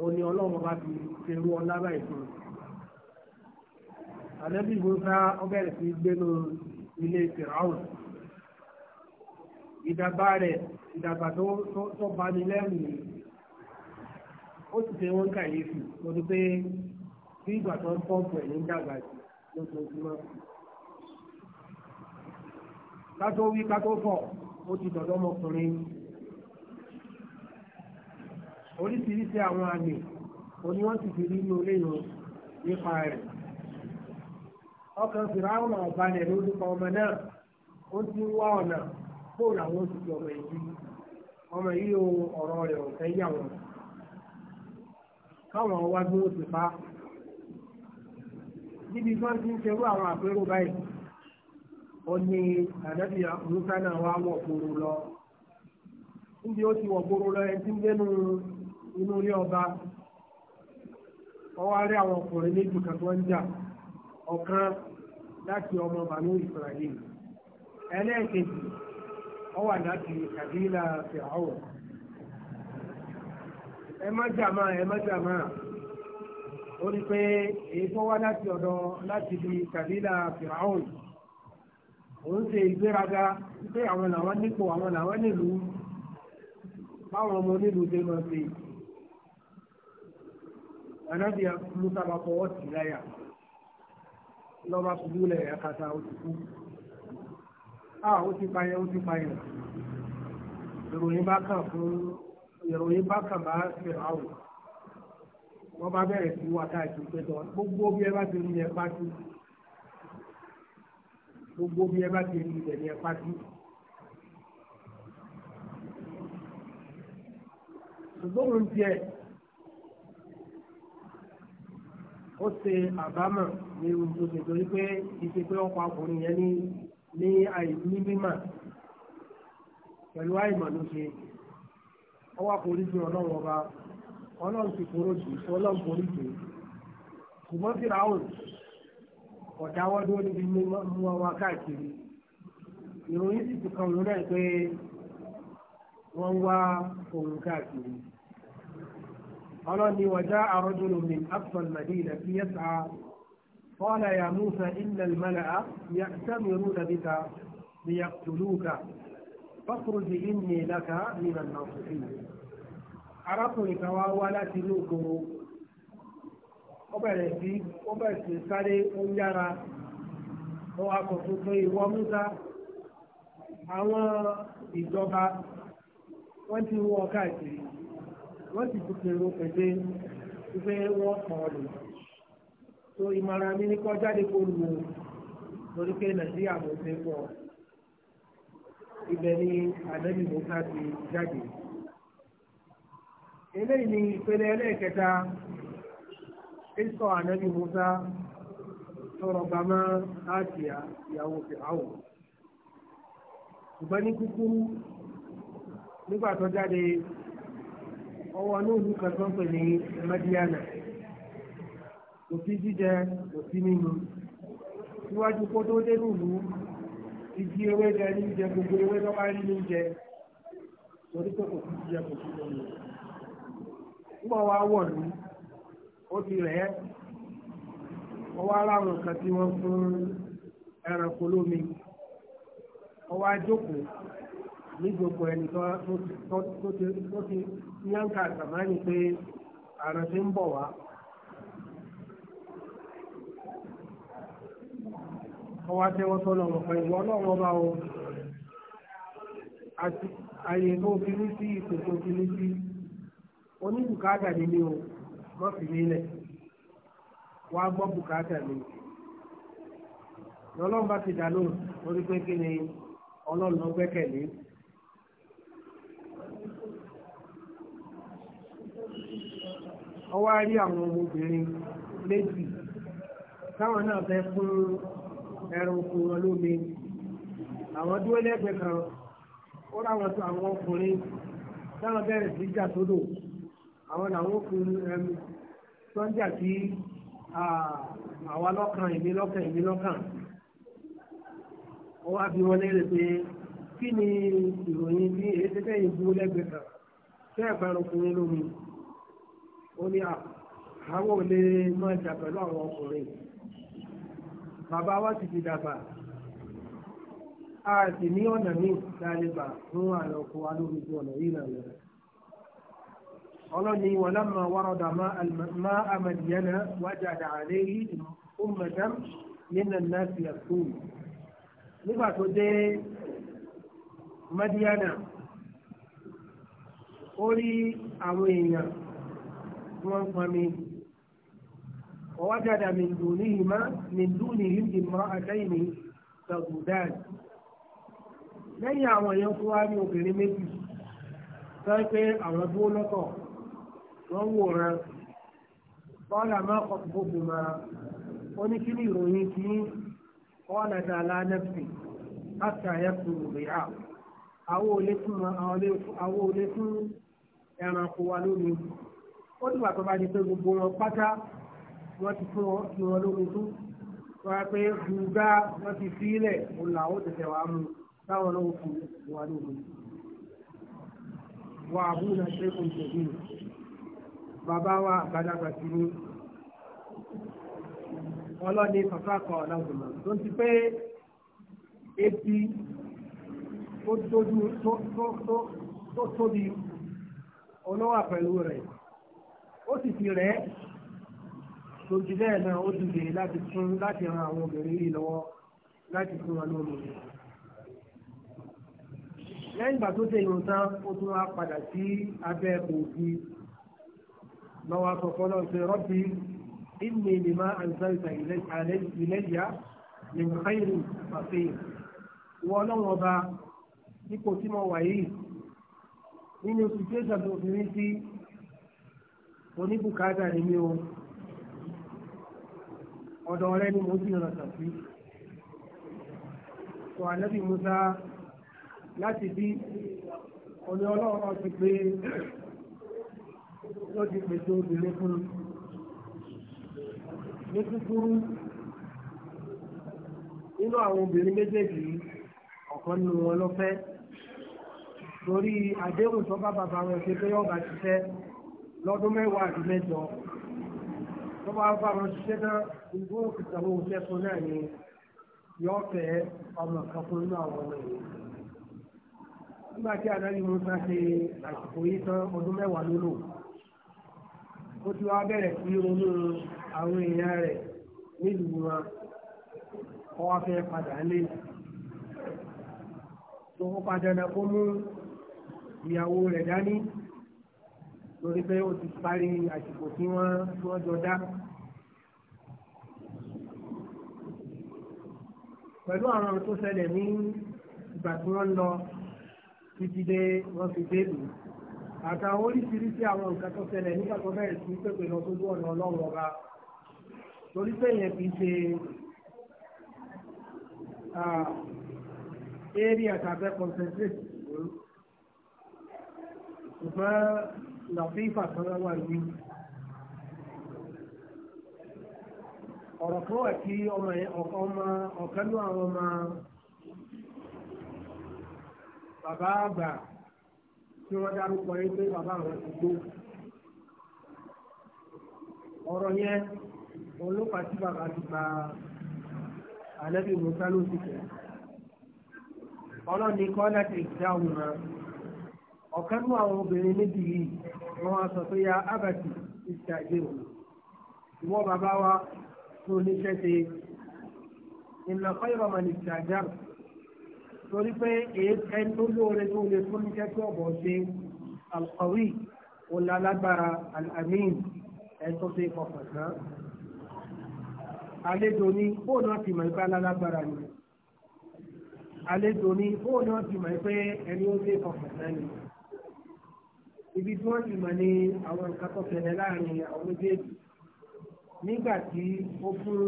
òun ni ọlọ́run ọba fi ṣerú ọlá báyìí fún un àlẹ́bí ìwòsá ọbẹ̀rẹ̀ sí gbénu ilé fìràwùn ìdàgbà rẹ̀ ìdàgbà tó bá ní lẹ́rù yìí. ó sì ṣe wọ́n kàyéfì mo rí pé bí ìgbà tó ń pọ́ǹpù ẹ̀ ń dàgbà sí lójoojúmọ́. ká wí ká fọ̀ ó ti dọ̀dọ̀ ọmọkùnrin oríṣiríṣi àwọn àmì òní wọ́n ti fi rí inú ilé nípa rẹ̀ ọkàn fìràwọn ọ̀balẹ̀ lórúkọ ọmọ náà ó ti ń wá ọ̀nà fóònù àwọn oṣù tí ọmọ yìí káwọn wá bí ó ti pa níbi tí wọ́n ti ń ṣerú àwọn àpérò báyìí ó ní ànábì musa náà wá wọ̀ gbòòrò lọ níbi ó ti wọ̀ gbòòrò lọ ẹni tí ń gbénu inú ilé ọba wọ́n rí àwọn ọkùnrin méjì kan tó ń jà ọ̀kan láti ọmọ bàánú ìsirahìlì ẹlẹ́ẹ̀kejì ó wà láti fìhàwọ̀ ẹ má jà máa ẹ má jà máa ó ní pé èyí tó wá láti ọ̀dọ̀ láti di kàbílà fìràhùn òun ṣe ìgbéraga pé àwọn làwọn nípò àwọn làwọn nílùú báwọn ọmọ onílùú ṣe máa ṣe anabi musa bá fọwọ́ sí láyà lọ́ba ṣubú lẹ̀ ẹ̀kata ó ti kú a ah, ó ti payẹ ó ti payẹ ìròyìn bá kàn fún ìròyìn bá kàn bá fìràwù wọ́n bá bẹ̀rẹ̀ sí wá káàkiri pé tọ́ gbogbo bí ẹ bá ti rí ẹ pátí gbogbo bí ẹ bá ti rí ẹ ní ẹ pátí. ṣùgbọ́n òun tiẹ̀ ó ṣe àbámọ̀ ní irun tó ṣe torí pé ìṣe pé ọkọ̀ ọkùnrin yẹn ní ní àìní mímọ̀ pẹ̀lú àìmọ̀ ló ṣe ọwọ́ àforíjì ọlọ́run ọba ọlọ́run ti forójì ọlọ́run foríjì ṣùgbọ́n fìràwùn ọ̀dáwọ́ dúró níbi mú wa káàkiri ìròyìn sì ti kan lónà pé wọ́n wá òun káàkiri. ọlọ́ni wàjá àrọ́jọ́lù mi afọ́n màdínà fi yẹ sá قال يا موسى إن الملأ يأتمرون بك ليقتلوك fọ́kùrùjì ìní ìlàkà nínú nàfùsìn arákùnrin kan wá wá láti inú ìgboro ó bẹ̀rẹ̀ sí ó bẹ̀rẹ̀ sí sáré ó yára ó wá kó tó pé ìwọ múta àwọn ìjọba wọ́n ti wọ káàkiri wọ́n ti tètè ro pèsè pé wọ́n pọ̀ lò so ìmọ̀ràn mi ni kọjá lè kó lò lórí pé nàìjíríà kò ṣe é pọ̀ ibẹ̀ ni ànábì musa ti jáde. eléyìí ni ìpele ẹlẹ́ẹ̀kẹta ìsọ ànábì musa tọrọ gbàmọ́ àtìyà ìyàwó fìhàwò. ṣùgbọ́n ní kúkúrú nígbà tó jáde ọwọ́ lóòlù kan tó ń pè ní madiana kò sí jíjẹ kò sí mímu síwájú kó tó dé lùlù igi ewé jẹ ní jẹ gbogbo ewé tó bá rí ní jẹ torí pé kò sí jẹ kò sí lónìí. Nígbà wa wọ̀ ní ó ti rẹ̀ ẹ́ wọ́n wá láwọn nǹkan tí wọ́n fún ẹranko lómi wọ́n wá jókòó ní gbogbo ẹni tó ti yánká àtàmánì pé àrùn ti ń bọ̀ wá. ọwọ́ àtẹ́wọ́ sọ́nà ọ̀pọ̀ ìwọ ọlọ́run ọba o àti àyè tó fi ní sí ipò tó fi ní sí oníbùkátà ni mi o má fi mí wá gbọ́ bùkátà mi ti dà lórí pé kí ni ọlọ́run ló gbẹ́kẹ̀lé. ọwọ́ á rí àwọn méjì ẹran oko wọn lómi àwọn dúró lẹ́gbẹ̀ẹ́ kan ó ráwọn tó àwọn ọkùnrin táwọn bẹ̀rẹ̀ sí jà sódò àwọn làwọn ọkùnrin tó ń jà sí àwa lọ́kàn ìmí lọ́kàn ìmí lọ́kàn ó wá bí wọn léèrè pé kí ni ìròyìn bí dúró kan ọkùnrin lómi ó ní àwọn ò lè àwọn ọkùnrin bàbá wa sì ti dàgbà a sì ní ọ̀nà míì dáadéba fún àlọ́kọ alóríṣi ọ̀nà yìí náà lọ. ọlọ́ni wọn lámà wárọ̀dà má amadiyana wájà dàálé yìí ummatan nínú náà sì àtúwò. nígbà tó dé madiyana ó rí àwọn èèyàn tí wọ́n ń pọnmi. ووجد من دونهما من دونهم امرأتين تضودان lẹ́yìn àwọn èèyàn tó wá ní obìnrin méjì sọ́ọ́ pé àwọn tó lọ́tọ̀ wọ́n wòran bọ́ọ̀là máa kọ́ gbogbo máa ó ní kí ni ìròyìn kí ọ̀nà tá a lá nẹ́fì láti àyẹ̀kù àwọn olè fún àwọn olè fún ẹranko wa lónìí ó dìgbà tó bá di pé gbogbo wọn pátá wọ́n ti fún wọn kí wọ́n lómi tó wọ́n á pé gbùgbà wọ́n ti sílẹ̀ òun làwọn tẹ̀sẹ̀ wàá mú táwọn náà fún wọn lómi. wà á bú náà ṣe kò jẹ̀bi bàbá wa àgbàdàgbà sí ní ọlọ́ni fàfàkọ̀ ọ̀làgùnmọ̀ tó ti pé ebi ó dojú tó tóbi olówà pẹ̀lú rẹ̀ ó sì ti rẹ̀ ẹ́ lójú bẹ́ẹ̀ náà ó dìde láti tún láti ran àwọn obìnrin yìí lọ́wọ́ láti fún wọn lómi. lẹ́yìn ìgbà tó ṣe ìrùn tán ó tún wá padà sí abẹ́ òògùn lọ́wọ́ àkọ́kọ́ náà ṣe rọ́bì ìmì ìmìmá àǹsáìsà ìlẹ́yà nìkàìrì pàṣẹ. ìwọ ọlọ́run ọba dípò tí mo wà yìí nínú situation tó fi sí oníbùkátà ni mí o ọ̀dọ̀ rẹ ni mo ti ràn kàn sí. sọ ànábì musa láti bí omi ọlọ́run ti pé ló ti pèsè obìnrin fún un ní kúkúrú nínú àwọn obìnrin méjèèjì ọ̀kan nínú wọn ló fẹ́ torí àdéhùn tó bá bàbá wọn ṣe pé yọ̀ọ̀bà ti fẹ́ lọ́dún mẹ́wàá àti mẹ́jọ tó bá bá wọn ṣiṣẹ́ náà ìgbó òkùtàwọn òṣìṣẹ́ fún náà ni yóò fẹ́ ọmọ kan fún inú àwọn ọmọ yìí. nígbà tí àdáyé musa ṣe lórí pé ó ti parí àsìkò tí wọ́n tí wọ́n jọ dá. pẹ̀lú àwọn tó ṣẹlẹ̀ ní ìgbà tí wọ́n lọ títí dé wọ́n fi délùú àtàwọn oríṣiríṣi àwọn nǹkan tó ṣẹlẹ̀ nígbà tó bẹ̀rẹ̀ sí pépè lọ sójú ọ̀nà ọlọ́run ọba torí pé yẹn kì í ṣe area tàbẹ́ concentrate ṣùgbọ́n làfífà kan wà ní ọ̀rọ̀ kan wà tí ọ̀kan ní àwọn ọmọ bàbá àgbà tí wọ́n dárúkọ yín pé bàbá àwọn ti gbó ọ̀rọ̀ yẹn olópa tí bàbá ti gba àlẹ́bí musa ọlọ́ni kọ́ láti ìdáhùn náà ọ̀kan nú àwọn obìnrin níbi yìí wọ́n á sọ pé ya abati ìṣàjẹ́ òun ìwọ bàbá wa tó oníṣẹ́ ṣe ìlànà kọ́yọ̀ mọ̀ ní ìṣàjẹ́ torí pé ẹni tó lóore tó lè fún níṣẹ́ tí ọ̀bọ̀ ṣe alkọ̀wé olalagbara alamin ẹ̀tọ́ tó ikọ̀ kọ̀ọ̀kan àlejò ni bóun náà ti mọ̀ ipá lálágbára ni àlejò ni bóun náà ti mọ̀ pé ẹni ó lé ọkọ̀ náà ni ibi tí wọ́n ti mọ̀ ní àwọn nǹkan tó tẹ̀lé láàrin àwọn méjèèjì nígbà tí ó fún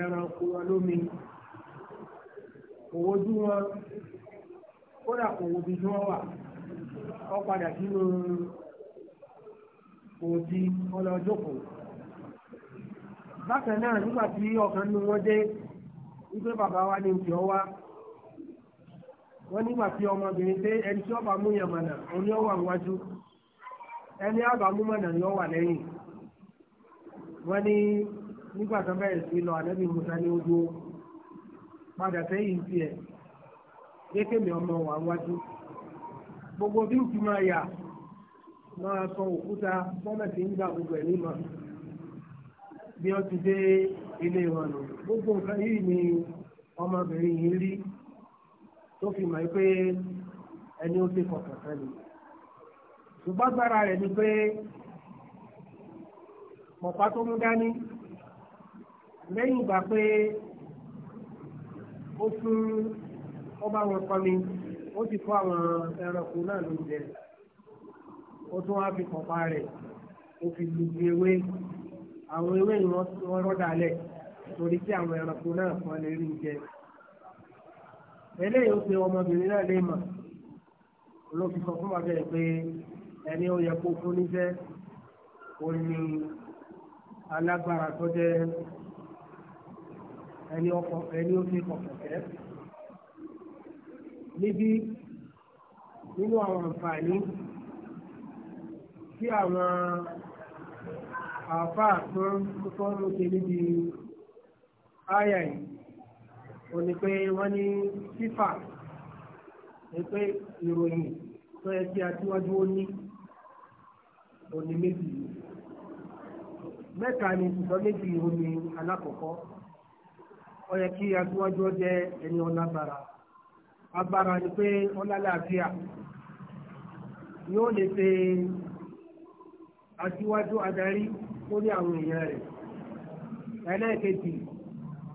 ẹranko wọn lómi kò wojú wọn kódà kò wo ibi tí wọ́n wà wọ́n padà sínú òdi ọlọ́jọ́kọ̀. bákan náà nígbà tí ọ̀kan nu wọn dé wípé bàbá wa ní ìjọ wa wọ́n nígbà tí ọmọbìnrin dé ẹni tí ọba mú yàmàlà òní ọwà wájú. ẹni àbámúmọ̀nà ni ó wà lẹ́yìn wọ́n ní nígbà tó bẹ̀rẹ̀ sí lọ ànábì musa ní ojú padà sẹ́yìn tiẹ̀ kékèmí ọmọ wà wájú gbogbo bí òkú máa yà máa sọ òkúta bọ́lá tí ń gba gbogbo ẹ̀ nímọ̀ bí gbogbo nǹkan yìí ni ọmọbìnrin yìí rí tó fi mọ̀ pé ẹni ṣùgbọ́n gbára rẹ̀ ni pé ọ̀pá tó mú dání lẹ́yìn ìgbà pé ó fún ọba wọn kọ́ni ó ti fọ́ àwọn ẹranko náà ló jẹ ó tún wá fi kọ̀pá rẹ̀ ó fi gbogbo ewé àwọn ewé ni wọ́n rọ́dà lẹ̀ torí kí àwọn ẹranko náà kan lè rí jẹ eléyìí ó pe ọmọbìnrin náà lè mọ̀ ló fi sọ fún bàbá ẹ̀ pé ẹni ó yẹ kó fún níṣẹ́ ó ní alágbára tó jẹ́ ẹni ọkọ ẹni ó ti kọ̀kọ̀ kẹ́. níbi nínú àwọn àǹfààní tí àwọn àáfàá tún tó ń ṣe níbi áyà yìí ó ní pé wọ́n ní fífà ní pé ìròyìn tó yẹ kí aṣíwájú ó ní oni méjì yìí mẹ́ta ni ìsọ méjì yìí oní alákọ̀ọ́kọ́ ó yẹ kí aṣíwájú jẹ́ ẹni ọlágbára agbára ni pé ọlálàáfíà yóò lè ṣe aṣíwájú adarí lórí àwọn èèyàn rẹ̀ ẹlẹ́ẹ̀kejì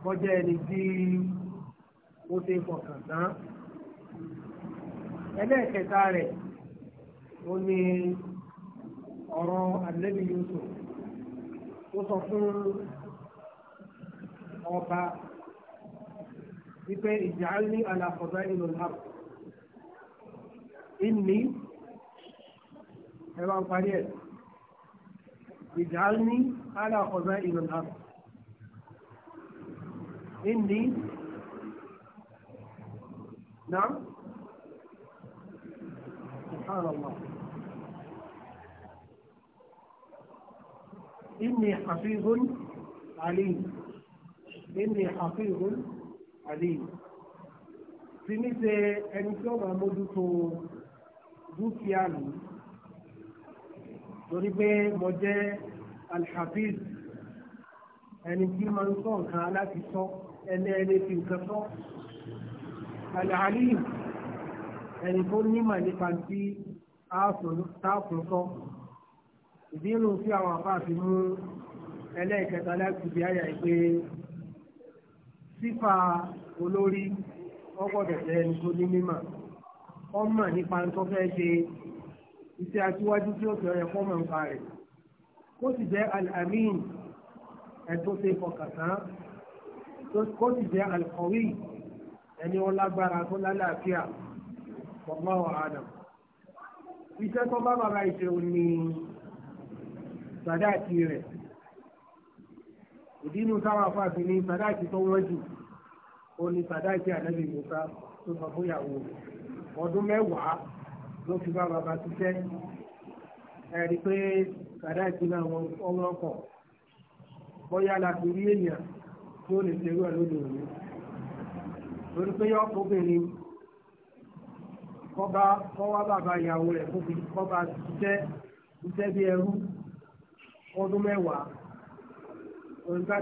kọjá ẹni tí ó ṣe fọkàn tán ẹlẹ́ẹ̀kẹta rẹ̀ ó ní ọ̀rọ̀ àlẹ́bí Yusuf ó sọ fún ọba wípé ìjàálí àlàfọ̀dá ìlú láp ìní ẹ bá ń parí ẹ̀ ìjàálí àlàfọ̀dá ìlú láp ìní náà. سبحان الله inni hafizun alim inni hafizun alim ti ní ṣe ẹni tí ó máa mójútó dúkìá mi torí pé mo jẹ́ alhafiz ẹni tí máa ń sọ nǹkan láti sọ ẹni ẹni tí nǹkan sọ alalim ẹni tó nímọ̀ nípa tí a sọ táàkùn sọ ìdínú sí àwọn àfáàfin mú ẹlẹ́ẹ̀kẹta láti fi àyà ìpè sífà olórí ọgbọ́dọ̀ jẹ́ ẹni tó ní mímọ̀ ọmọ nípa tó fẹ́ ṣe iṣẹ́ aṣíwájú tí ó fi ọyẹ fọ́mọ̀ ń pa rẹ̀ kó sì jẹ́ al-amin ẹ̀tọ́ ṣe fọkàtán kó sì jẹ́ al-qawi ẹni wọn lágbára tó lálàáfíà pọ̀mọ́ ọ̀hánà iṣẹ́ tó bá bàbá ìṣe òní. sàdáàkì rẹ̀ ìdínú táwọn afáàfin ní sàdáàkì tó wọ́n jù ó ní sàdáàkì ànábì musa tó sọ fún ọdún mẹ́wàá ló fi bá bàbá ṣiṣẹ́ ẹ̀rí pé sàdáàkì náà wọ́n kọ̀ bóyá la rí èèyàn tí ó lè ṣerú ẹ̀ lóde òní lórí pé yọ obìnrin kọ́ bá kọ́ wá bàbá ìyàwó rẹ̀ kó fi kọ́ bá ṣiṣẹ́ ṣiṣẹ́ bí ẹrú. ọdún mẹ́wàá òǹkà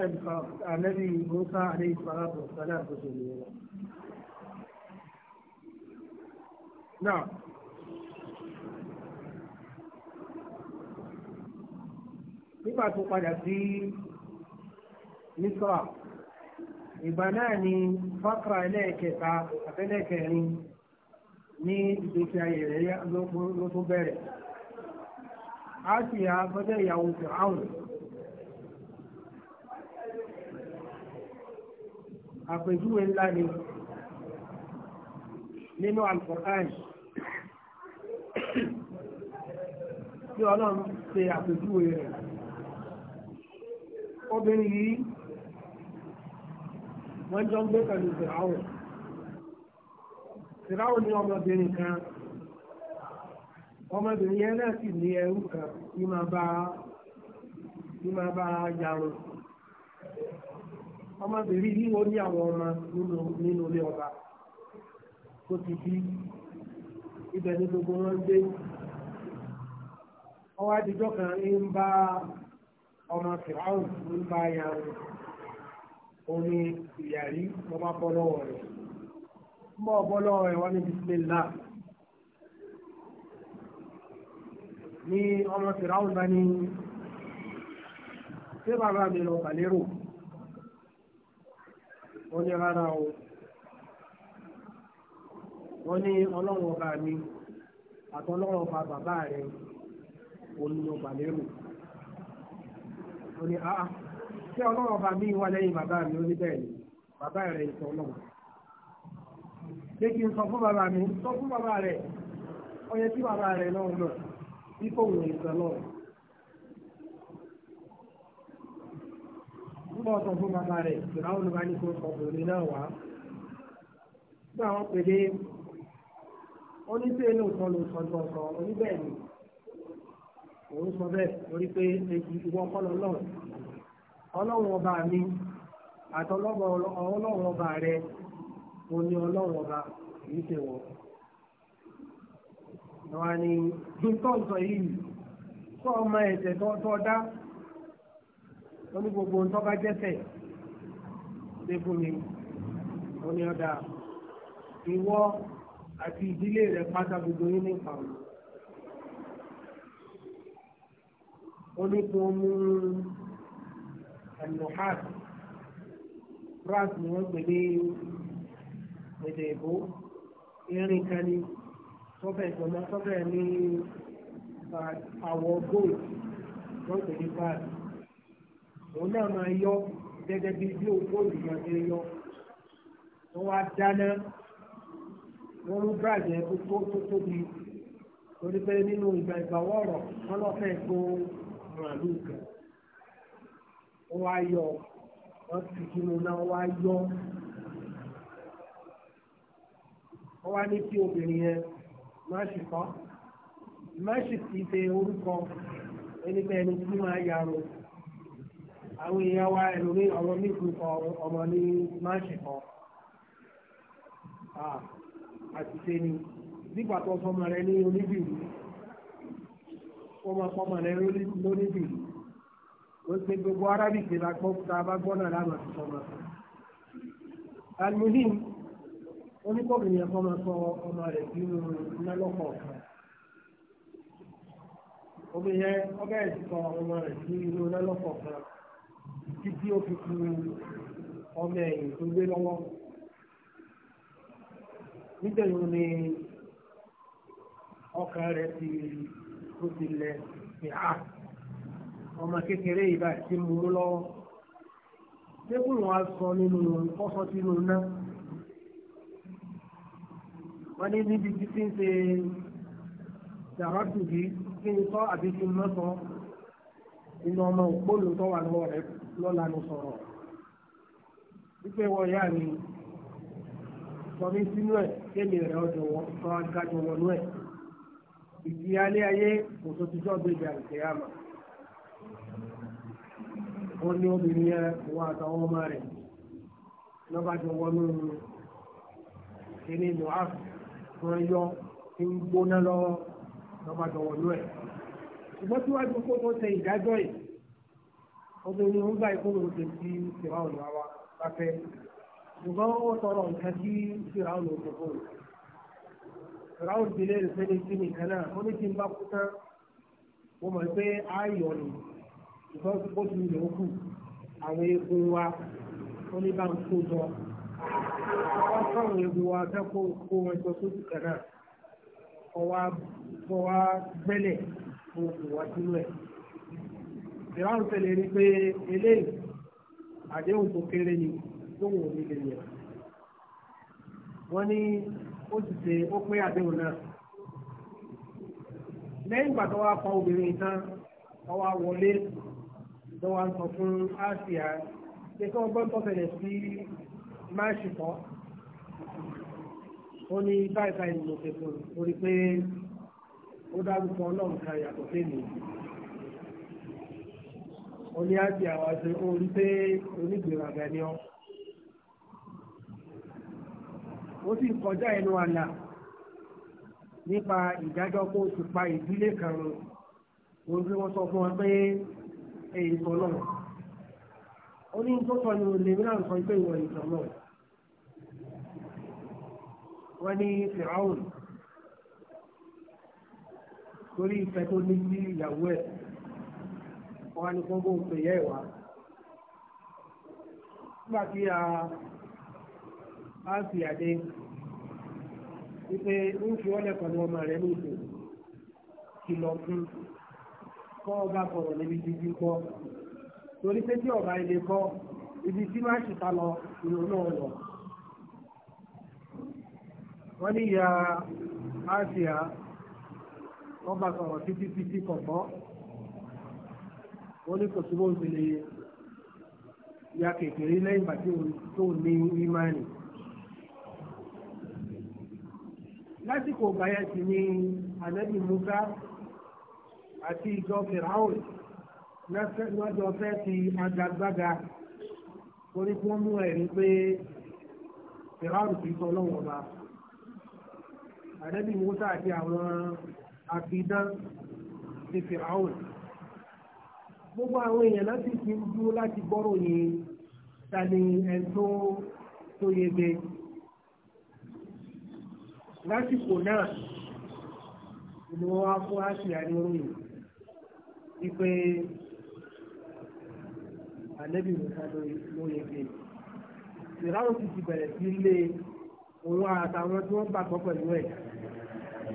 ànábì musa àdéhì sàlábù sàlábù tó lè wọ. náà nígbà tó padà sí misra ìgbà náà ni fákra ẹlẹ́ẹ̀kẹta àtẹlẹ́kẹrin ní ìgbésí ayé rẹ̀ ló tún bẹ̀rẹ̀ àṣìyà tọ́jẹ́ ìyàwó fìràwùn àpèjúwe ńlá ni nínú alukur'an tí ọlọ́run ṣe àpèjúwe rẹ̀ obìnrin yìí wọ́n jọ ń gbé pẹ̀lú fìràwùn fìràwùn ní ọmọbìnrin kan ọmọbìnrin yẹn náà sì ní ẹrú kan ní máa bá ní máa bá yarun ọmọbìnrin yìí wọ́n ní àwọn ọmọ nínú ilé ọba tó ti bí ibẹ̀ ní gbogbo wọn gbé ọwọ́ adijọ́ kan ń bá ọmọ fìràwùn ń bá yarun omi ìyàrí lọ́ba bọ́ lọ́wọ́ rẹ̀ ń bọ́ bọ́ lọ́wọ́ rẹ̀ wọ́n ní bisimilá. ní ọmọ fìràún bá ní ṣé bàbá mi lọ kàlérò wọ́n ní rárá o wọ́n ní ọlọ́run ọba mi àtọ́lọ́run ọba bàbá rẹ̀ olùyọ kàlérò wọ́n ní àá ṣé ọlọ́run ọba mi wà lẹ́yìn bàbá mi ó ní bẹ́ẹ̀ ni bàbá rẹ̀ ìtọ́ náà. Lékí ń sọ fún bàbá mi, sọ fún bàbá rẹ̀, ọyẹ tí bàbá rẹ̀ náà náà. ikọ̀ wò ìfẹ́ lọ. Nígbà ọ̀sán fún bàbá rẹ̀, ụfọdụ ló bá ní kó ọkùnrin náà wá. Nígbà wọn pèlè oníṣẹ́ inú onye ló sọ òun sọ pé ìwọ ọba mi ọba rẹ wọn ni dùntọ́ǹtọ̀ yìí sọ ọmọ ẹ̀sẹ̀ tọ́ dá wọn ní gbogbo ntọ́ bá jẹ́sẹ̀ dé fún mi wọn ni ọ̀dà ìwọ àti ìdílé rẹ̀ pátá gbogbo yín ní ìpamọ́. onípo mú ẹnuhad brass ni wọ́n gbé ní èdè ìbò irin kan ní tọ́bẹ̀ ìjọba tọ́bẹ̀ ní àwọ̀ gold wọ́n pè ní bad òun náà máa yọ gẹ́gẹ́ bí bí gold máa ṣe yọ wọ́n wá dáná wọ́n mú brad yẹn tó tóbi torí pé nínú ìgbà ìgbàwọ́ ọ̀rọ̀ wọ́n lọ fẹ́ gbó màálù kan wọ́n wá yọ wọ́n ti kinu náà wọ́n wá yọ wọ́n wá ní kí obìnrin yẹn máṣì kọ́ máṣì kì í ṣe orúkọ ẹni pé ẹni tí máa yarò àwọn èèyàn wa ẹlòmí ọmọ ní ìkúkọ ọmọ ní máṣì kọ́ àtìṣe ni nígbà tó sọmọ rẹ ní oníbìrì ọmọ ọmọ rẹ lóníbìrì ó ṣe gbogbo arábìsì la gbọ́ tá a bá gbọ́ náà lánàá ti sọmọ. almuhim oníkọ̀ọ̀bù yẹn kọ́ máa sọ ọmọ rẹ̀ sí inú iná lọ́kọ̀ọ̀kan omi yẹn ọbẹ̀ yẹn ti sọ ọmọ rẹ̀ sí inú iná lọ́kọ̀ọ̀kan títí ó fi ku ọmọ ẹ̀yìn tó gbé lọ́wọ́ nítorí ni ọkàn rẹ̀ ti tó ti lẹ̀ sí a ọmọ kékeré yìí bá ti mú lọ́wọ́. Ṣé kúrò sọ nínú kọ́sọ́ sínú náà? wọ́n ní níbi tí tí ń ṣe dàrọ́tù yìí kí n sọ àbí kí n má sọ inú ọmọ òpólò tó wà lọ́wọ́ rẹ lọ́la ló sọ̀rọ̀ wípé wọ ìyá mi sọ mí sínú ẹ̀ kéèmì rẹ̀ ọjọ́ wọ sọ agájọ wọnú ẹ̀ ìdí alẹ́ ayé kò tó ti jọ́gbé ìjà ìjẹ́ àmà wọ́n ní obìnrin yẹn wọ́n àtàwọn ọmọ rẹ̀ lọ́bàjọ wọnú kíní nù áfíà tó ń tí ń gbóná lọ́wọ́ lọ́ba dọ̀wọ́ ṣùgbọ́n tí wàá dùn kó tó ṣe ìdájọ́ yìí obìnrin ń gbà ikú lòun ṣe sí fìràwọ̀n wa bá fẹ́ ṣùgbọ́n ó tọrọ nǹkan sí fìràwọ̀n lòun ṣe fún un. fìràwọ̀n ti lé ìfẹ́ ní sí nìkan náà ó ní kí n bá kú tán mo mọ̀ pé ayọ̀ ni ìfọ́sọ́sọ́ ti lè kù àwọn eegun wa ó ní bá ń kó jọ wọ́n fáwọn ewu wa dákó kó wọn jọ sójú kan náà kọ́ wa gbẹ́lẹ̀ fún ìwà sínú ẹ̀. ìráhùn tẹ̀lé ni pé eléyìí àdéhùn tó kéré ni lóhùn òní lè yẹ. wọ́n ní ó ti ṣe ó pé àdéhùn náà. lẹ́yìn ìgbà tó wá pa obìnrin tán ọwọ́ wọlé lọ́wọ́ sọ fún áṣíà pé kí wọ́n gbọ́ tọ́fẹ̀lẹ̀ sí máa ṣe ó ní báyìí báyìí mo ṣe fún un torí pé ó dárúkọ ọlọ́run kan yàtọ̀ sẹ́yìn ó ní àti àwọn àti orí pé onígbèrànga ni ọ́ ó sì kọjá ẹnu àlà nípa ìdájọ́ kó ti pa ìdílé kan run òun bí wọ́n sọ fún wa pé èyí sọ náà ó ní tó sọ ní olè mìíràn sọ pé ìwọ̀n ìtàn náà wọ́n ní fìràwùn torí ìfẹ́ tó ní sí ìyàwó ẹ̀ wọ́n ní kóńgó ń pè yẹ́ ìwà. nígbà tí a á fi àdé wípé ń fi ọ́ lẹ́kọ̀ọ́ ní ọmọ rẹ̀ ní ìpè kìlọ̀ fún kọ́ ọba sọ̀rọ̀ níbi jíjí kọ́ torí pé tí ọba ilé kọ́ ibi tí má ṣìta lọ ìrònú ọ̀nà wọ́n ní ìyá àṣìá wọ́n bá sọ̀rọ̀ títí títí kọ̀ọ̀kọ́ wọ́n ní kò síbò sí lè ya kékeré lẹ́yìn ìgbà tí òun ní ìmánì. lásìkò gbàyà sí ni ànábì musa àti ìjọ fìràwùn lọ́jọ́ fẹ́ ti agagbága torí kí wọ́n mú ẹ̀rí pé fìràwùn kì í sọ ọlọ́wọ́ bá ànábì musa àti àwọn àfidán ti fìràwùn gbogbo àwọn èèyàn láti fi ń dúró láti gbọ́rọ̀ yìí ta ni ẹni tó tó yege lásìkò náà ni wọ́n wá fún àṣìyà ní orí wípé ànábì musa ló yege fìràwùn ti ti bẹ̀rẹ̀ sí lé òun àtàwọn tí wọ́n gbàgbọ́ pẹ̀lú ẹ̀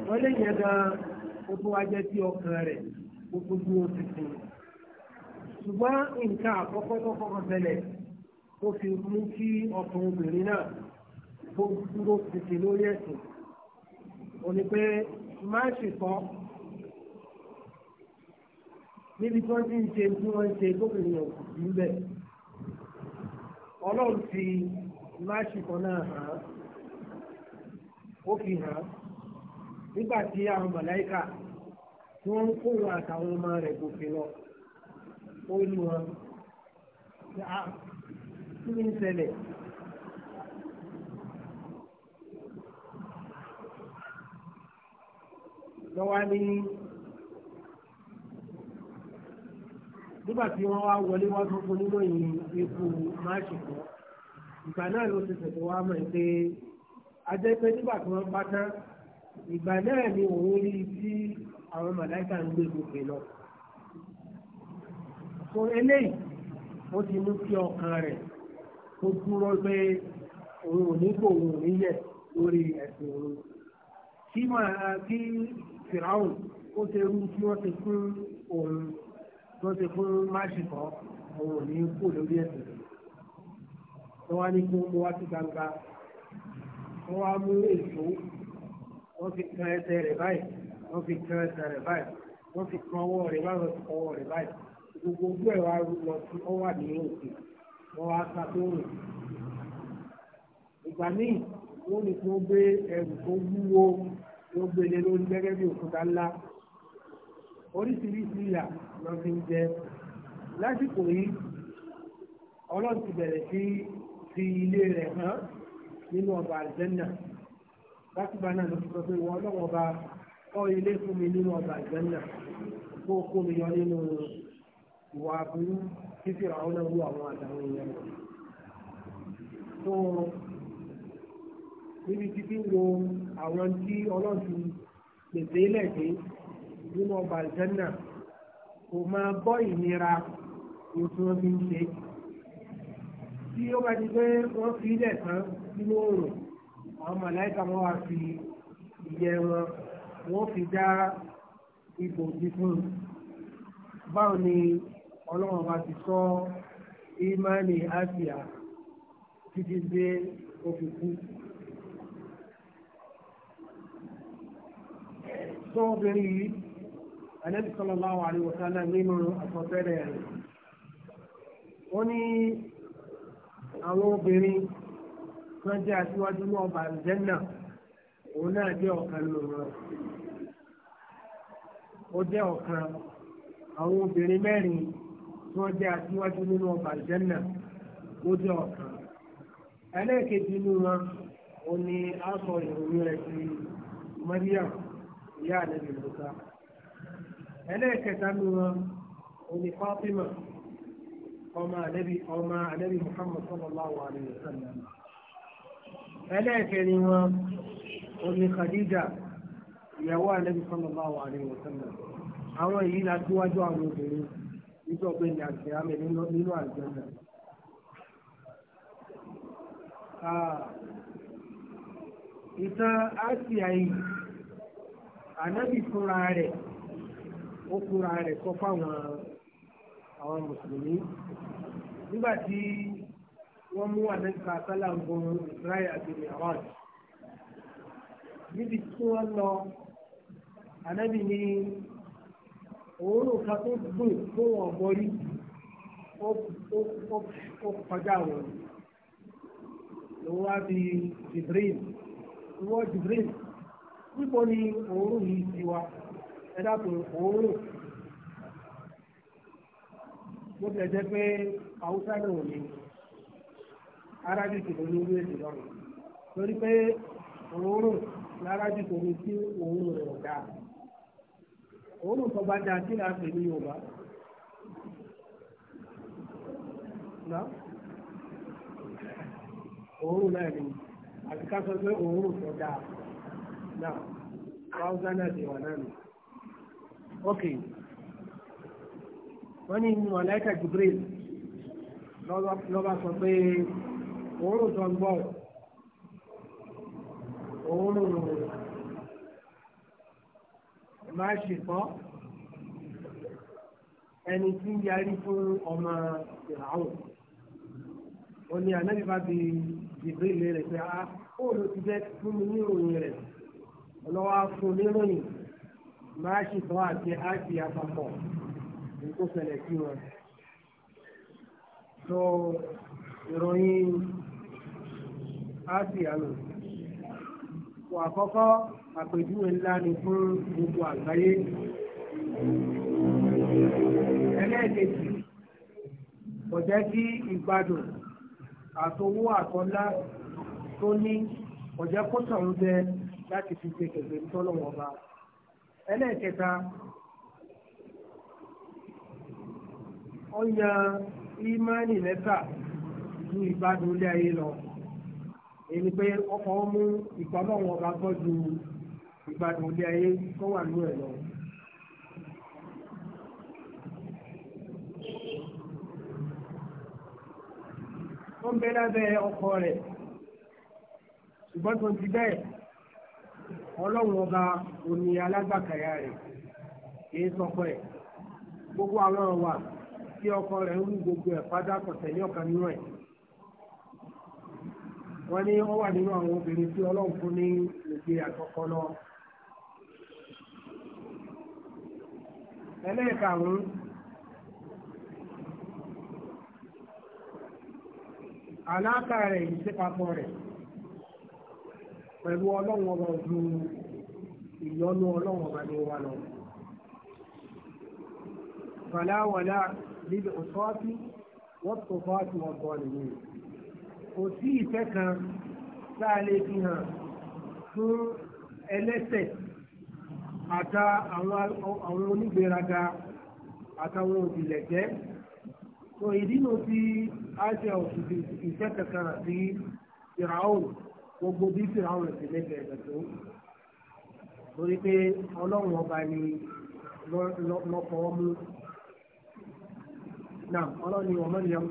wọ́n lè yẹn gan gbogbo ajẹ́ sí ọkàn rẹ̀ gbogbo bí ó ti sùn. ṣùgbọ́n nǹkan àkọ́kọ́ tó kọ́kọ́ ṣẹlẹ̀ tó fi mú kí ọkùnrin obìnrin náà tó dúró títí lórí ẹ̀sìn ò ní pé má ṣe kọ́ níbi tí wọ́n ti ń ṣe tí wọ́n ń ṣe gómìnà òkùnkùn níbẹ̀ ọlọ́run ti má ṣe kọ́ náà hàn ó fi hàn án nígbà tí àwọn mọ̀láìkà tí wọ́n ń kóhun àtàwọn ọmọ rẹ̀ gòkè lọ ó lù wọn ah, kí ni ń ṣẹlẹ̀. lọ́wọ́ ní nígbà tí wọ́n wá wọlé wá tó fún nínú ìyìn ikú máṣe kan ìgbà náà ló ti tẹ̀sẹ̀ wá mọ̀ pé a jẹ́ pé nígbà tí wọ́n bá tán ìgbà náà ni òun rí tí àwọn màláìka ń gbé gbogbo lọ. so eléyìí ó ti mú kí ọkàn rẹ̀ kó dúró pé òun ò ní kó òun ò ní yẹ lórí ẹ̀sìn òun. kí màá kí fìràwùn ó ṣe rú tí wọ́n ti fún òun tó ti fún máṣìkọ́ òun ò ní kó lórí ẹ̀sìn òun. wọ́n wá ní kó wá sí gbangba wọ́n wá mú èso wọ́n fi kan ẹsẹ̀ rẹ̀ báyìí wọ́n fi kan ẹsẹ̀ rẹ̀ báyìí wọ́n fi kan ọwọ́ rẹ̀ báyìí wọ́n fi kan ọwọ́ rẹ̀ báyìí gbogbo ojú ẹ̀ wá lọ sí ọ wà ní òkè wọ́n wá ká tó rìn. ìgbà míì wọ́n ní kí wọ́n gbé ẹrù tó wúwo tí wọ́n gbélé lórí gẹ́gẹ́ bí òkúta ńlá oríṣiríṣi ìyà lọ fi ń jẹ lásìkò yìí ọlọ́run ti bẹ̀rẹ̀ sí fi ilé rẹ̀ hàn nínú ọba àlùjẹ́ náà látìgbà náà ló sọ pé wọn ọlọ́wọ́ bá kọ́ ilé fún mi nínú ọgbà ìgbẹ́nà kó kó mi yọ nínú ìwà aburú títí àwọn náà wú àwọn àtàwọn èèyàn rẹ̀. tó níbi títí wo àwọn tí ọlọ́sìn pèsè lẹ́gbẹ̀ẹ́ nínú ọgbà ìgbẹ́nà kò máa bọ́ ìnira ìtún fi ń ṣe. tí ó bá ti pé wọ́n fi ilẹ̀ tán sínú òòrùn àwọn màláìka wọn wá fi ìyẹ wọn wọn fi dá ibòji fún un báwo ni ọlọ́run bá ti sọ ìmánì àṣìá títí dé òfin kú. sọ obìnrin yìí anabi sallallahu alayhi wa sallam nínú àkọsílẹ̀ rẹ̀ ó ní àwọn obìnrin kan jẹ́ aṣíwájú ní ọba àlùjẹ́nà òun náà jẹ́ ọ̀kan nínú wọn. ó jẹ́ ọ̀kan àwọn obìnrin mẹ́rin tí wọ́n jẹ́ aṣíwájú nínú ọba àlùjẹ́nà ó jẹ́ ọ̀kan. ẹlẹ́ẹ̀kejì nínú wọn ó ní aṣọ ìròyìn rẹ̀ sí mariam ìyá àlejò lọ́sà. ẹlẹ́ẹ̀kẹta nínú wọn ó ní fatima ọmọ àlẹ́bí ọmọ àlẹ́bí muhammad sallallahu alayhi wa sallam. ẹlẹ́ẹ̀kẹ́rin wọn omi Khadija ìyàwó àlẹ́bí sallallahu àwọn èyí la àwọn obìnrin nígbà nínú àjọyọ̀ ìtàn yìí ànábì fúnra rẹ̀ ó fúnra rẹ̀ fáwọn àwọn mùsùlùmí nígbà tí. wọ́n mú àlẹ́sà sálàǹgò ìsirayà àti mìíràn níbi tí wọ́n lọ ànábì ní òórùn kan tó gbìn tó wọ̀n borí ó kọjá wọn lòun wá bí jibril ìwọ jibril níbo ni òórùn yìí ti wá ẹ dákun òórùn bó tilẹ̀ jẹ́ pé haúsá náà ò ní arabic ló ní ìwé èdè lọ́rùn torí pé òórùn larabic ló ní sí òórùn rẹ̀ ọ̀dà òórùn tó bá dáa kí láti ní yorùbá. òórùn náà ni àti ká sọ pé òórùn tó dáa náà wáwúsá náà ti wà náà nù. ok wọ́n ní mọ̀lẹ́kà jibril lọ́ba sọ pé òórùn tó ń gbọ́ òórùn máa ṣe kọ́ ẹni tí ń yarí fún ọmọ ìràwọ̀ ó ní anábìbá bi ìbéèrè rẹ̀ pé a ó ló ti jẹ́ fún mi ní ìròyìn rẹ̀ ọlọ́wọ́ fún níròyìn máa ṣe kọ́ àti áàtì àpapọ̀ nǹkó ṣẹlẹ̀ sí wọn. so ìròyìn áṣíà nù. Wà àkọ́kọ́ àpèjúwe ńlá ni fún gbogbo àgbáyé. Ẹlẹ́ẹ̀kejì kò jẹ́ kí ìgbádùn àtowó àtọ́lá tó ní kò jẹ́ kó sọ̀rọ̀ jẹ láti fi ṣe kẹ̀kẹ́ tọ́lọ́wọ́ bá. Ẹlẹ́ẹ̀kẹta ó yan ímánì lẹ́tà ju ìgbádùn ilé ayé lọ èyí pé ọkọ̀ mú ìpamọ́ wọn bá tọ́jú ìgbàdùn ilé ayé tó wà ní ẹ̀ lọ. ó ń bẹ lábẹ́ ọkọ rẹ̀ ṣùgbọ́n tó ti bẹ́ẹ̀ ọlọ́run ọba òní alágbàkàyà rẹ̀ kìí sọkọ ẹ̀ gbogbo àwọn ọ̀wà tí ọkọ rẹ̀ ń rú gbogbo ẹ̀ pátá kọ̀tẹ̀ ní ọ̀kan nínú ẹ̀ wọ́n ní wọ́n wà nínú àwọn obìnrin tí ọlọ́run fún ní ìgbé àkọ́kọ́ lọ. ẹlẹ́ẹ̀karùn-ún àlàáfà rẹ̀ ìṣèpapọ̀ rẹ̀ pẹ̀lú ọlọ́run ọba ju ìyọnu ọlọ́run ọba ní wa lọ. Fàlàwàlà lílẹ̀ òṣọ́ọ́tì wọ́n tó fọ́ọ́tì wọn bọ́ọ̀lù yìí kò sí ìfẹ́ kan tá a lè fi hàn fún ẹlẹ́sẹ̀ àta àwọn onígbéraga àtàwọn òbílẹ̀ jẹ́ so ìdínà tí asia òṣìṣẹ́ ìfẹ́ kankan àti firaun gbogbo bí firaun ti lẹ́gbẹ̀ẹ́ ẹ̀gbẹ̀ tó torí pé ọlọ́run ọba ni lọ́fọ̀ọ́ mú náà ọlọ́run ni ọmọ nìyẹn.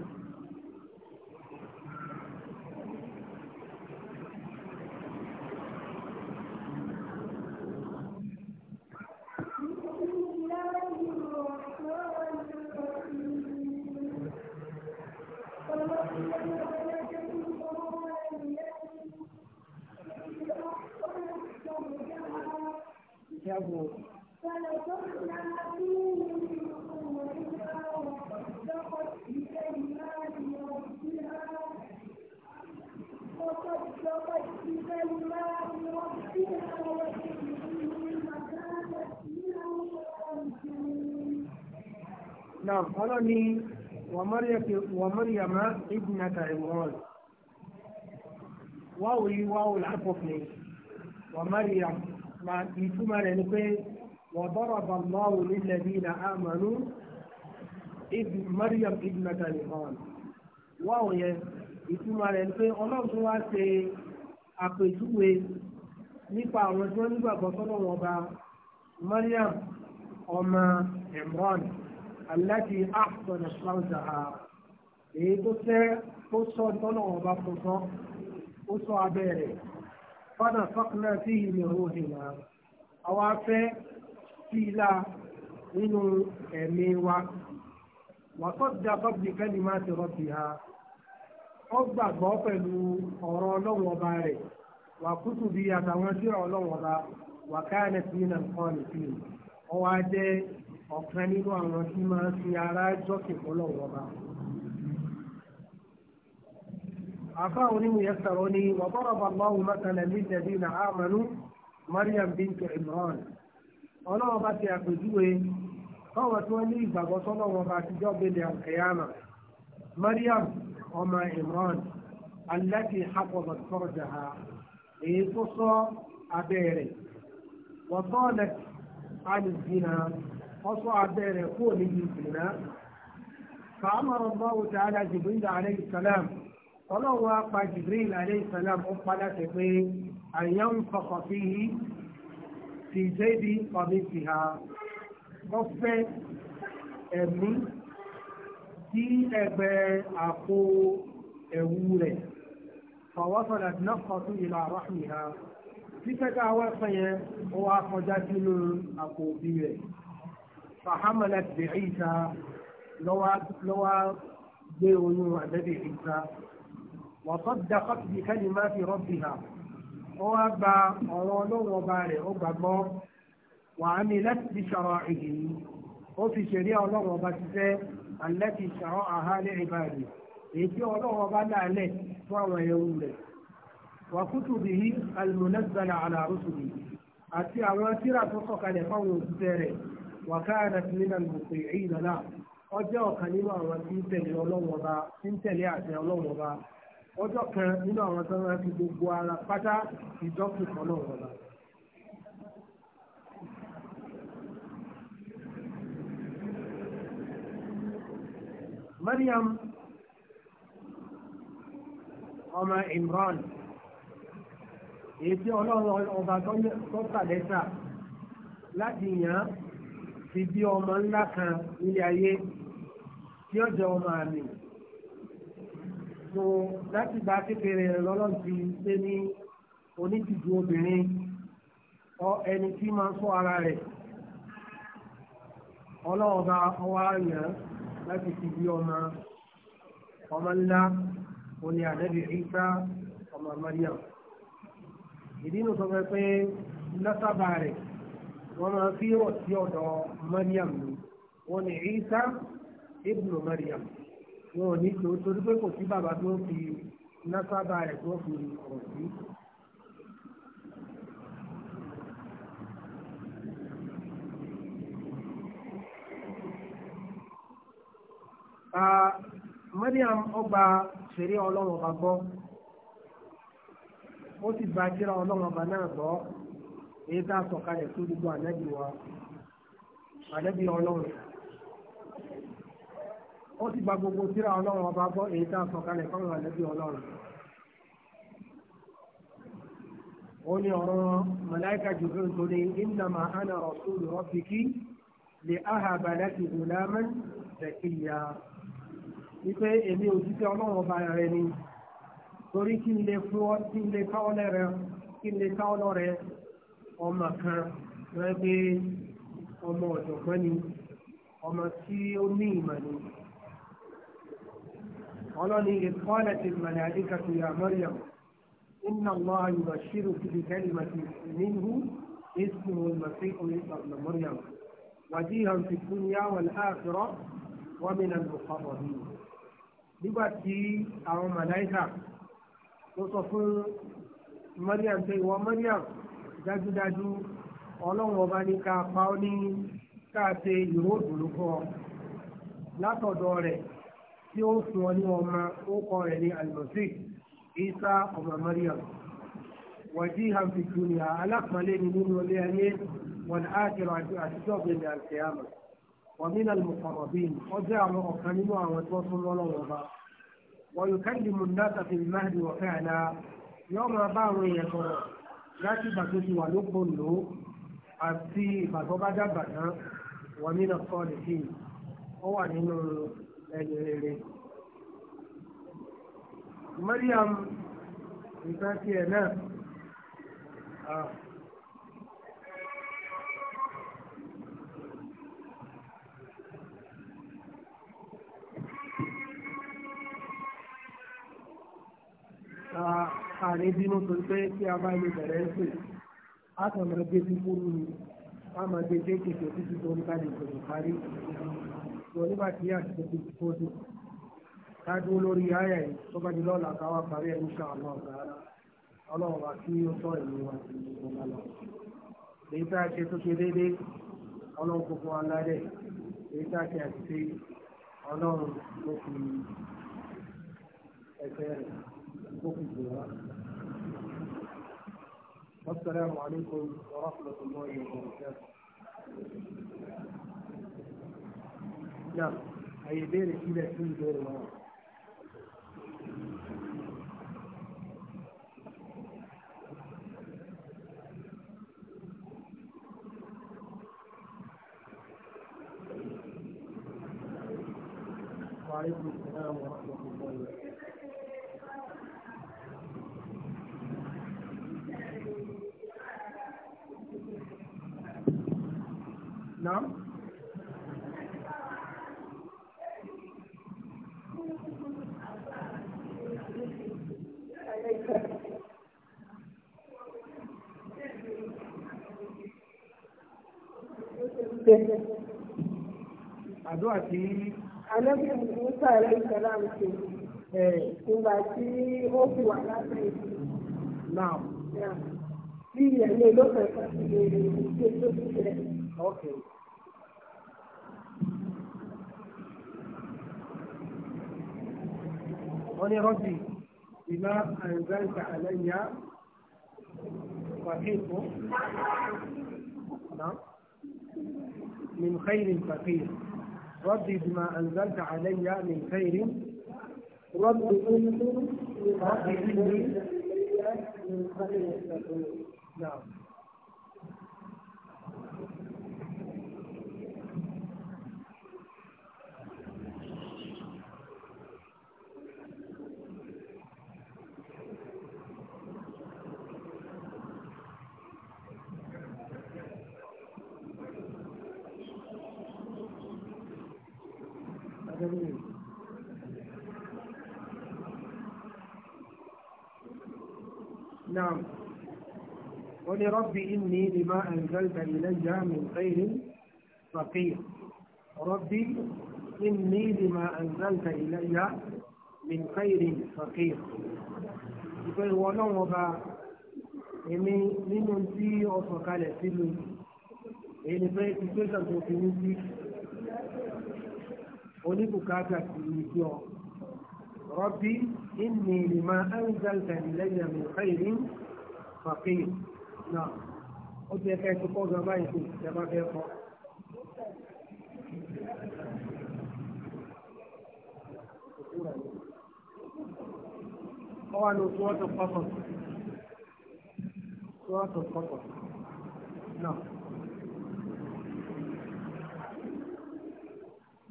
ọlọ́ni wàmọ́ríyàmá ìgbìnàtà ìwọ̀n wáwò yìí wáwò lápòfin wàmọ́ríyàmá ìtumọ̀ rẹ̀ ni pé wà bọ́rọ̀ bá lọ́wọ́ nílẹ̀ bí na àmàlú mọ́ríyàm ìgbìnàtà ìwọ̀n wáwò yẹn ìtumọ̀ rẹ̀ ni pé ọlọ́run wá ṣe àpèjúwe nípa àwọn tí wọ́n nígbàgbọ́ sọ́dọ̀ wọn ba mọ́ríyàm ọmọ ẹ̀mọ́ọ̀nù aláti àpọ̀nà ṣáùdà á èyí tó tẹ́ tó sọ tọ́nà ọba tuntun ó sọ abẹ́ rẹ̀ fana fọ́kànlá sí ilẹ̀ òhìnà àwa fẹ́ sí ilá nínú ẹ̀mí wa wàkọ́jà bọ́bí kẹ́ni máa ti rọ́bì ha ó gbàgbọ́ pẹ̀lú ọ̀rọ̀ ọlọ́run ọba rẹ̀ wà kútù bíi àtàwọn tí ọlọ́run ọba wà káyọ̀ nẹ́tì nínú nǹkan nìkan ọwọ́ ajẹ́ ọ̀kan nínú àwọn tí máa fi ara jọ́sìn fọlọ́wọ́ bá. عفا يسرني وضرب الله مثلا للذين آمنوا مريم بنت عمران ọlọ́wọ́ bá ti àpèjúwe fáwọn tí wọ́n ní ìgbàgbọ́ sọ́lọ́wọ́ bá ti jọ́gbélé àkẹyàmà mariam ọmọ imran aláti hapọ̀bọ̀ sọ́rọ̀jà ha èyí tó sọ abẹ́rẹ̀ wọ́n tọ́lẹ̀ ọsọ abẹ́rẹ́ kúrò níbi ìsìnà. fàámọ̀rọ̀ báwo tí ala jibril alayhi salam ọlọ́run á pa jibril alayhi salam ó padà sí pé àyàn ń fọkàn sí i ti jẹ́bi ọ̀mí ti ha. wọ́n fẹ́ ẹ̀mí sí ẹgbẹ́ àpò ẹ̀wù rẹ̀. فوصلت نفقة إلى رحمها في تكاوى فيه هو قد جنون أقوبيه fàhámàlà bẹ̀ ìsà lọ́wọ́ gbé oyún àbẹ́bẹ̀ ìsà wọ́n tó dàkọ́ bí kẹ́lí má fi rọ́bì hà ó wá gba ọ̀rọ̀ ọlọ́run ọba rẹ̀ ó gbàgbọ́ wà á ní láti fi ṣọ̀rọ̀ èyí ó fi ṣeré ọlọ́run ọba ṣiṣẹ́ àlẹ́tì ṣọ̀rọ̀ àhálẹ́ ìbàdàn èyí tí ọlọ́run ọba láàlẹ̀ fún àwọn ẹ̀rù rẹ̀ wàkútùbí alùmọ̀nẹ́sàlà àlàrúsùbí àti àwọn tíra tó sọ̀kalẹ̀ fáwọn òṣìṣẹ́ rẹ̀ وكانت من المطيعين له ọjọ́ ọ̀kan nínú àwọn tí ń tẹ̀lé ọlọ́wọ́ bá tí ń tẹ̀lé àṣẹ ọlọ́wọ́ bá ọjọ́ kan nínú àwọn tó máa fi gbogbo ara pátá ìjọ́sìn kan náà wọ̀ bá. Mariam ọmọ Imran èyí tí ọlọ́run ọba tó tà lẹ́sà láti yàn án fi bí ọmọ ńlá kan nílé ayé tí ó jẹ ọmọ àmì so láti gba kékeré rẹ lọ́lọ́run ti gbé ní onítìjú obìnrin ọ ẹni tí máa ń sọ ara rẹ̀ ọlọ́run bá ọwọ́ àyàn láti fi bí ọmọ ọmọ ńlá òní àdẹ́bí ìgbà ọmọ mariam ìdí nu sọ pé pé lọ́sàbà rẹ̀. wọ́n máa fi rọ̀ sí ọ̀dọ̀ mariam ni wọ́n ní isa ibnu mariam wọn ò ní torí pé kò sí bàbá tó fi násábà rẹ̀ tó fi rọ̀ sí. Mariam ọgbà ṣeré ọlọ́run ọba gbọ́ ó sì gba ṣíra ọlọ́run náà gbọ́ èyí tá a sọ̀kalẹ̀ sí gbogbo ànábì wa ànábì ọlọ́run ó ti gba gbogbo síra ọlọ́run ọba gbọ́ èyí tá a sọ̀kalẹ̀ fáwọn ànábì ọlọ́run ó ní ọ̀rọ̀ mọ̀láìkà jùlọ tó ní ìnàmà àná ọ̀ṣun rọ́bìkì lè áhàbà láti ìlànà ṣèkìyà wípé èmi òjíṣẹ́ ọlọ́run ọba rẹ ni torí kí n lè fún ọ kí n lè ká ọ lẹ́rẹ kí n lè ká ọ lọ́rẹ ọmọ kan rẹ́ pé ọmọ ọ̀jọ̀gbọ́n ni ọmọ tí ó ní ìmọ̀ ni ọlọ́ni ìkọ́lẹ̀ ti mọ̀lẹ́ àdíkà tó yà mọ́ríyàm inna allah yubashiru fi kalimati minhu ismu al-masih ibn maryam wajihan fi dunya wal akhirah wa min al-muqarrabin nígbà tí àwọn màláìka tó sọ fún maryam pé ìwọ maryam dájúdájú ọlọ́run ọba ní ká pa ọ́ ní ká ṣe ìró òdòdó ọ látọ̀dọ̀ rẹ̀ tí ó ọ ní ọmọ rẹ̀ ní isa ọmọ mariam wàjí hamfituniya alápàlẹ́ ni nínú ilé ayé wọn ákìrọ̀ àtijọ́ gbẹ̀mí alkiyama wàmínà lùkọ̀rọ̀bìn ọjọ́ àwọn ọ̀kan nínú àwọn tó ọba yóò mu náà tàbí mahdi wọ̀kẹ́ àná yọ́ọ́ láti ìgbà tó ti wà lóko lò ó àti ìgbà tó bá dàgbà náà wà nínú sọ́ọ̀lì sí i ó wà nínú ẹni rere. Mariam nǹkan tiẹ̀ náà. Uh, àní bínú tó pé tí a bá lè bẹ̀rẹ̀ ń pè á kàn máa gbé púpọ̀ nù á máa gbé dé kèké títí tó ń ká lè gbèrò parí lọ nígbà tí àtúntò ti kó dùn ká dúró lórí ayà yìí tó bá di lọ́la káwá parí ẹ̀ níṣà àwọn ọ̀gá ọlọ́run wa kí ó tọ́ ìlú wa sí ìjọba lọ. èyí tá a ṣe tó ṣe déédéé ọlọ́run gbogbo alárẹ̀ èyí tá a ṣe àṣìṣe ọlọ́run ló fi ẹsẹ̀ rẹ̀ ó fi jù wá. والسلام عليكم ورحمة الله وبركاته نعم هي دير كده في دير ما وعليكم السلام ورحمة الله وبركاته àdúrà tí. ànábì musa rẹ̀ ń sọ̀rọ̀ àwọn ṣe ìgbà tí ó fi wà láti náà bí ẹ̀mí ló fẹ́ fẹ́ ṣe tó ti rẹ̀. wọ́n ní rọ́bì ìmá àǹzáǹkà àlẹ́yà fàkíkù náà min khairin fàkíkù. ربي بما أنزلت علي من خير رب إني رب إني من خير نعم sẹ́yìn. نعم قل رب إني لما أنزلت إلي من خير فقير ربي إني لما أنزلت إلي من خير فقير ìpè ìwọ ọlọ́run ọba èmi nínú tí ọ̀sán kalẹ̀ sílùú èyí ni pé ìgbésẹ̀ tó fi ní sí oníbùkátà sí ìjọ ọ rọ́bí ìní ìlìmọ̀ ẹ̀ńgàlgà ìlẹ́yìn mi káyìí fàkíyì náà ó ti ẹ̀ka ẹ̀kọ́ kọ́ gàmá ìpè ìjọba fẹ́ kọ́. ọ wà ní oṣù kọ́kọ̀ oṣù kọ́kọ̀ náà.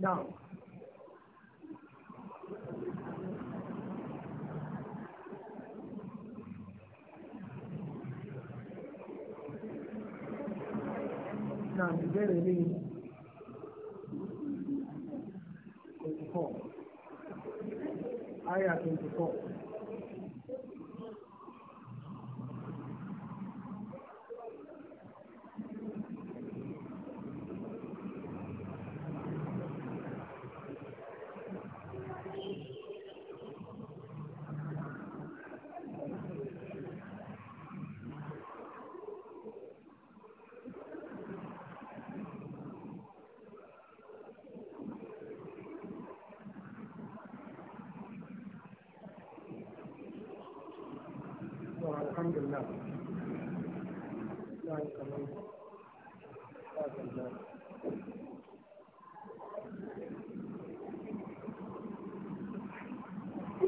Now. kan ìbéèrè ní twenty four aya twenty four.